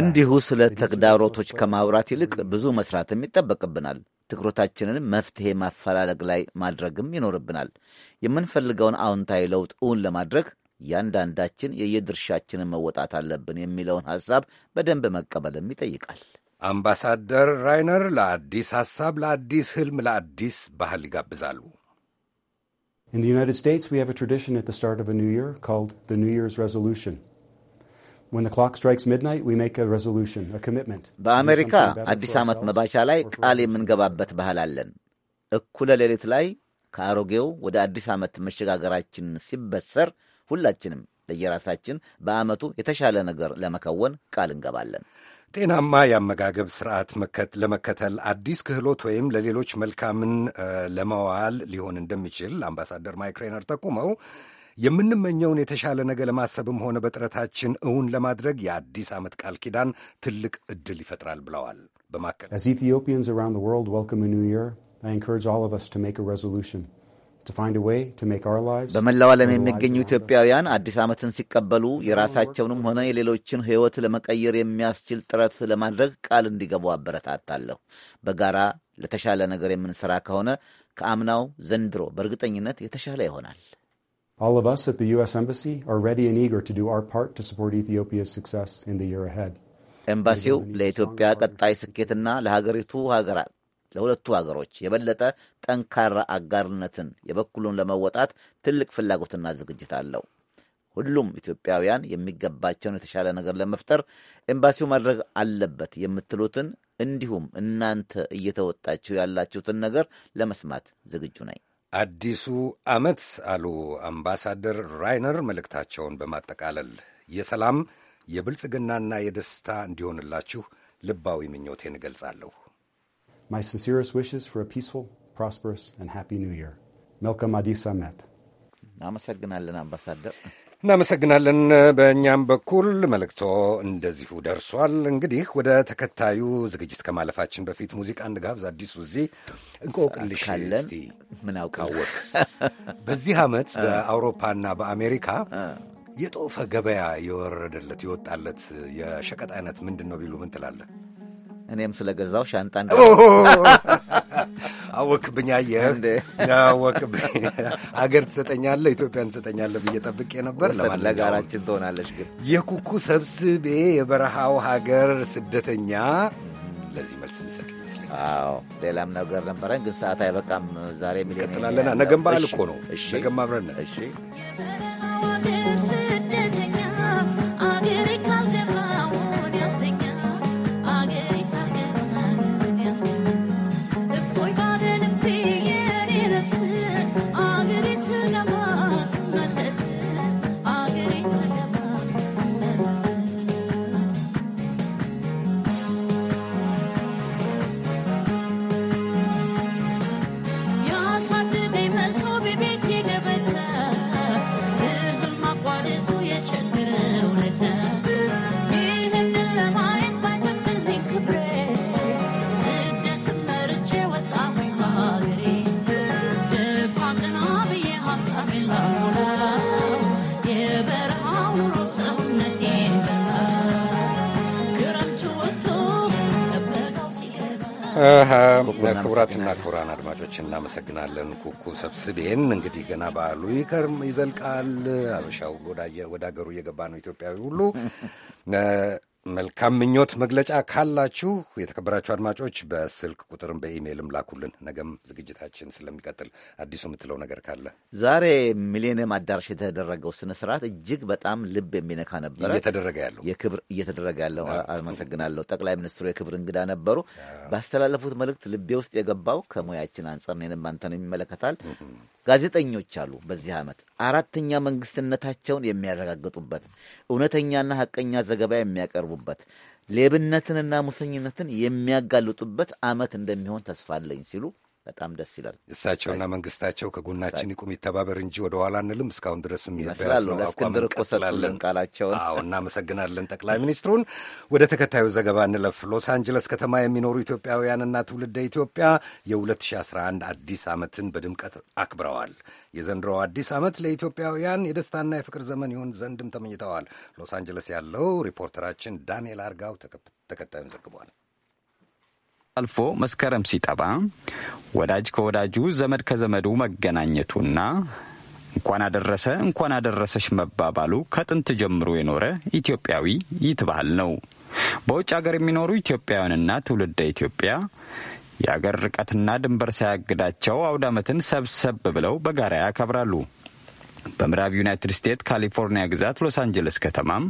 እንዲሁ ስለ ተግዳሮቶች ከማውራት ይልቅ ብዙ መስራትም ይጠበቅብናል። ትኩረታችንን መፍትሄ ማፈላለግ ላይ ማድረግም ይኖርብናል። የምንፈልገውን አዎንታዊ ለውጥ እውን ለማድረግ እያንዳንዳችን የየድርሻችንን መወጣት አለብን የሚለውን ሐሳብ በደንብ መቀበልም ይጠይቃል። አምባሳደር ራይነር ለአዲስ ሐሳብ፣ ለአዲስ ህልም፣ ለአዲስ ባህል ይጋብዛሉ። In the United States, we have a tradition at the start of a new year called the New Year's Resolution. በአሜሪካ አዲስ ዓመት መባቻ ላይ ቃል የምንገባበት ባህል አለን። እኩለ ሌሊት ላይ ከአሮጌው ወደ አዲስ ዓመት መሸጋገራችን ሲበሰር ሁላችንም ለየራሳችን በዓመቱ የተሻለ ነገር ለመከወን ቃል እንገባለን። ጤናማ የአመጋገብ ስርዓት ለመከተል አዲስ ክህሎት ወይም ለሌሎች መልካምን ለመዋል ሊሆን እንደሚችል አምባሳደር ማይክ ሬነር ጠቁመው የምንመኘውን የተሻለ ነገ ለማሰብም ሆነ በጥረታችን እውን ለማድረግ የአዲስ ዓመት ቃል ኪዳን ትልቅ ዕድል ይፈጥራል ብለዋል። በማከል As Ethiopians around the world welcome a በመላው ዓለም የሚገኙ ኢትዮጵያውያን አዲስ ዓመትን ሲቀበሉ የራሳቸውንም ሆነ የሌሎችን ሕይወት ለመቀየር የሚያስችል ጥረት ለማድረግ ቃል እንዲገቡ አበረታታለሁ። በጋራ ለተሻለ ነገር የምንሠራ ከሆነ ከአምናው ዘንድሮ በእርግጠኝነት የተሻለ ይሆናል። All of us at the U.S. Embassy are ready and eager to do our part to support Ethiopia's success in the year ahead. ኤምባሲው ለኢትዮጵያ ቀጣይ ስኬትና ለሀገሪቱ ሀገራት ለሁለቱ ሀገሮች የበለጠ ጠንካራ አጋርነትን የበኩሉን ለመወጣት ትልቅ ፍላጎትና ዝግጅት አለው። ሁሉም ኢትዮጵያውያን የሚገባቸውን የተሻለ ነገር ለመፍጠር ኤምባሲው ማድረግ አለበት የምትሉትን እንዲሁም እናንተ እየተወጣችሁ ያላችሁትን ነገር ለመስማት ዝግጁ ነኝ። አዲሱ ዓመት አሉ አምባሳደር ራይነር መልእክታቸውን በማጠቃለል የሰላም የብልጽግናና የደስታ እንዲሆንላችሁ ልባዊ ምኞቴን እገልጻለሁ። My sincerest wishes for a peaceful, prosperous and happy new year. መልካም አዲስ ዓመት። እናመሰግናለን አምባሳደር። እናመሰግናለን። በእኛም በኩል መልእክቶ እንደዚሁ ደርሷል። እንግዲህ ወደ ተከታዩ ዝግጅት ከማለፋችን በፊት ሙዚቃ እንጋብዝ። አዲሱ እዚህ እንቆቅልሽ ምን አውቃወቅ በዚህ ዓመት በአውሮፓና በአሜሪካ የጦፈ ገበያ የወረደለት የወጣለት የሸቀጥ አይነት ምንድን ነው ቢሉ ምን ትላለህ? እኔም ገዛው ሻንጣ አወክብኝ አወክብኝ ሀገር ትሰጠኛለህ ኢትዮጵያን ትሰጠኛለህ ብዬ ጠብቄ ነበር። ለጋራችን ትሆናለች ግን የኩኩ ሰብስቤ የበረሃው ሀገር ስደተኛ ለዚህ መልስ የሚሰጥ ይመስለኛል። ሌላም ነገር ነበረን ግን ሰዓት አይበቃም። ዛሬ ሚሊዮን ነገም በዓል እኮ ነው። ነገም አብረን ክቡራትና ክቡራን አድማጮች እናመሰግናለን። ኩኩ ሰብስቤን እንግዲህ ገና በዓሉ ይከርም ይዘልቃል። አበሻው ወደ አገሩ እየገባ ነው ኢትዮጵያዊ ሁሉ መልካም ምኞት መግለጫ ካላችሁ የተከበራችሁ አድማጮች በስልክ ቁጥርም በኢሜይልም ላኩልን። ነገም ዝግጅታችን ስለሚቀጥል አዲሱ የምትለው ነገር ካለ ዛሬ ሚሌኒየም አዳራሽ የተደረገው ስነ ስርዓት እጅግ በጣም ልብ የሚነካ ነበረ። እየተደረገ ያለው የክብር እየተደረገ ያለው አመሰግናለሁ። ጠቅላይ ሚኒስትሩ የክብር እንግዳ ነበሩ። ባስተላለፉት መልእክት ልቤ ውስጥ የገባው ከሙያችን አንጻር እኔንም አንተንም ይመለከታል። ጋዜጠኞች አሉ በዚህ አመት። አራተኛ መንግስትነታቸውን የሚያረጋግጡበት እውነተኛና ሀቀኛ ዘገባ የሚያቀርቡበት ሌብነትንና ሙሰኝነትን የሚያጋልጡበት ዓመት እንደሚሆን ተስፋ አለኝ ሲሉ በጣም ደስ ይላል። እሳቸውና መንግስታቸው ከጎናችን ይቁም ይተባበር እንጂ ወደ ኋላ አንልም። እስካሁን ድረስ ይመስላሉ ለእስክንድር እኮ ሰጡልን ቃላቸውን። አዎ እናመሰግናለን ጠቅላይ ሚኒስትሩን። ወደ ተከታዩ ዘገባ እንለፍ። ሎስ አንጀለስ ከተማ የሚኖሩ ኢትዮጵያውያንና ትውልደ ኢትዮጵያ የ2011 አዲስ ዓመትን በድምቀት አክብረዋል። የዘንድሮው አዲስ ዓመት ለኢትዮጵያውያን የደስታና የፍቅር ዘመን ይሆን ዘንድም ተመኝተዋል። ሎስ አንጀለስ ያለው ሪፖርተራችን ዳንኤል አርጋው ተከታዩን ዘግቧል። አልፎ መስከረም ሲጠባ ወዳጅ ከወዳጁ ዘመድ ከዘመዱ መገናኘቱና እንኳን አደረሰ እንኳን አደረሰሽ መባባሉ ከጥንት ጀምሮ የኖረ ኢትዮጵያዊ ይት ባህል ነው። በውጭ አገር የሚኖሩ ኢትዮጵያውያንና ትውልደ ኢትዮጵያ የአገር ርቀትና ድንበር ሳያግዳቸው አውድ ዓመትን ሰብሰብ ብለው በጋራ ያከብራሉ። በምዕራብ ዩናይትድ ስቴትስ ካሊፎርኒያ ግዛት ሎስ አንጀለስ ከተማም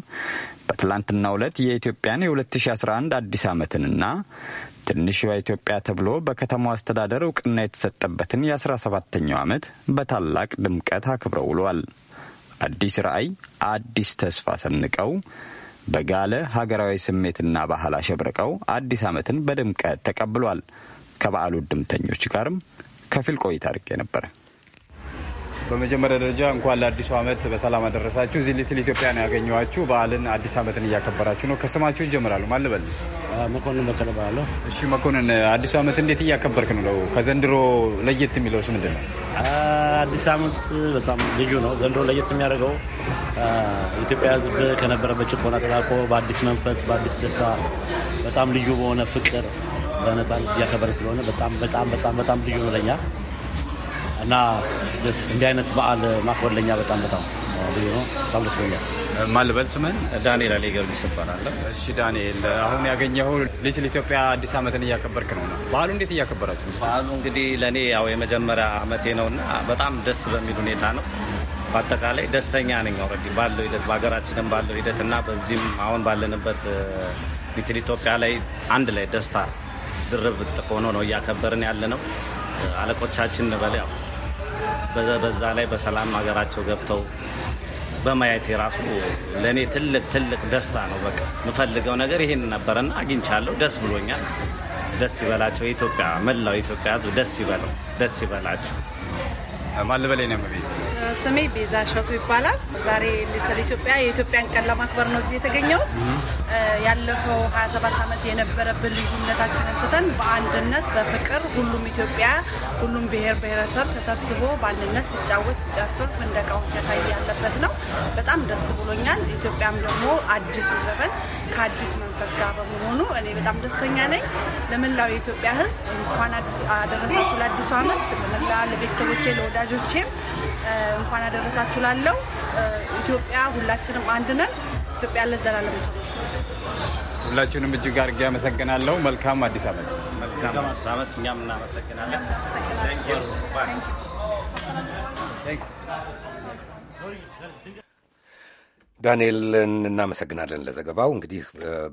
በትላንትናው ዕለት የኢትዮጵያን የ2011 አዲስ ዓመትንና ትንሿ ኢትዮጵያ ተብሎ በከተማው አስተዳደር እውቅና የተሰጠበትን የአስራ ሰባተኛው ዓመት በታላቅ ድምቀት አክብረው ውሏል። አዲስ ራዕይ፣ አዲስ ተስፋ ሰንቀው በጋለ ሀገራዊ ስሜትና ባህል አሸብርቀው አዲስ ዓመትን በድምቀት ተቀብሏል። ከበዓሉ እድምተኞች ጋርም ከፊል ቆይታ አድርጌ ነበረ። በመጀመሪያ ደረጃ እንኳን ለአዲሱ ዓመት በሰላም አደረሳችሁ። እዚህ ሊትል ኢትዮጵያ ነው ያገኘኋችሁ። በዓልን አዲስ ዓመትን እያከበራችሁ ነው። ከስማችሁ ይጀምራሉ ማለት በል መኮንን በቀለ እባላለሁ። እሺ መኮንን፣ አዲሱ ዓመት እንዴት እያከበርክ ነው? ከዘንድሮ ለየት የሚለውስ ምንድን ነው? አዲስ ዓመት በጣም ልዩ ነው። ዘንድሮ ለየት የሚያደርገው ኢትዮጵያ ሕዝብ ከነበረበት ጭቆና ተላቆ በአዲስ መንፈስ፣ በአዲስ ደስታ፣ በጣም ልዩ በሆነ ፍቅር፣ በነጻነት እያከበረ ስለሆነ በጣም በጣም በጣም በጣም ልዩ ነው ለኛ እና እንዲህ አይነት በዓል ማክበር ለኛ በጣም በጣም በጣም ደስ ብሎኛል። ማልበል ዳንኤል አሌ ገብርስ እባላለሁ። እሺ ዳንኤል፣ አሁን ያገኘው ልጅ ለኢትዮጵያ አዲስ ዓመትን እያከበርክ ነው ነው በዓሉ እንዴት እያከበራችሁ? በዓሉ እንግዲህ ለእኔ ያው የመጀመሪያ ዓመቴ ነው እና በጣም ደስ በሚል ሁኔታ ነው። በአጠቃላይ ደስተኛ ነኝ። ኦልሬዲ ባለው ሂደት በሀገራችንም ባለው ሂደት እና በዚህም አሁን ባለንበት ሊትል ኢትዮጵያ ላይ አንድ ላይ ደስታ ድርብ ጥፍ ሆኖ ነው እያከበርን ያለ ነው። አለቆቻችን በላይ በዛ ላይ በሰላም ሀገራቸው ገብተው በማየት የራሱ ለእኔ ትልቅ ትልቅ ደስታ ነው። በቃ የምፈልገው ነገር ይሄን ነበረና አግኝቻለሁ። ደስ ብሎኛል። ደስ ይበላቸው የኢትዮጵያ መላው ኢትዮጵያ ሕዝብ ደስ ይበለው፣ ደስ ይበላቸው። ማን ልበል ነው ስሜ ቤዛ ሸቱ ይባላል። ዛሬ ሊትል ኢትዮጵያ የኢትዮጵያን ቀን ለማክበር ነው እዚህ የተገኘሁት። ያለፈው 27 ዓመት የነበረብን ልዩነታችንን ትተን በአንድነት በፍቅር ሁሉም ኢትዮጵያ ሁሉም ብሔር ብሔረሰብ ተሰብስቦ በአንድነት ሲጫወት ሲጨፍር ፍንደቃውን ሲያሳይ ያለበት ነው። በጣም ደስ ብሎኛል። ኢትዮጵያም ደግሞ አዲሱ ዘመን ከአዲስ መንፈስ ጋር በመሆኑ እኔ በጣም ደስተኛ ነኝ። ለመላው የኢትዮጵያ ሕዝብ እንኳን አደረሳችሁ ለአዲሱ ዓመት ለመላ ለቤተሰቦቼ ለወዳጆቼም እንኳን አደረሳችሁ ላለው ኢትዮጵያ ሁላችንም አንድ ነን። ኢትዮጵያ ለዘላለም ሁላችሁንም እጅግ አድርጌ አመሰግናለሁ። መልካም አዲስ ዓመት። መልካም አዲስ ዓመት። እኛም እናመሰግናለን። ዳንኤልን እናመሰግናለን ለዘገባው። እንግዲህ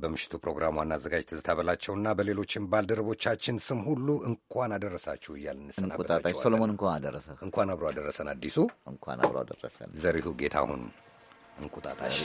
በምሽቱ ፕሮግራም ዋና አዘጋጅ ትዝታ በላቸውና በሌሎችም ባልደረቦቻችን ስም ሁሉ እንኳን አደረሳችሁ እያል እንሰናበታችኋለን። ሰሎሞን እንኳን አደረሰ፣ እንኳን አብሮ አደረሰን። አዲሱ እንኳን አብሮ አደረሰን። ዘሪሁ ጌታሁን እንቁጣጣሽ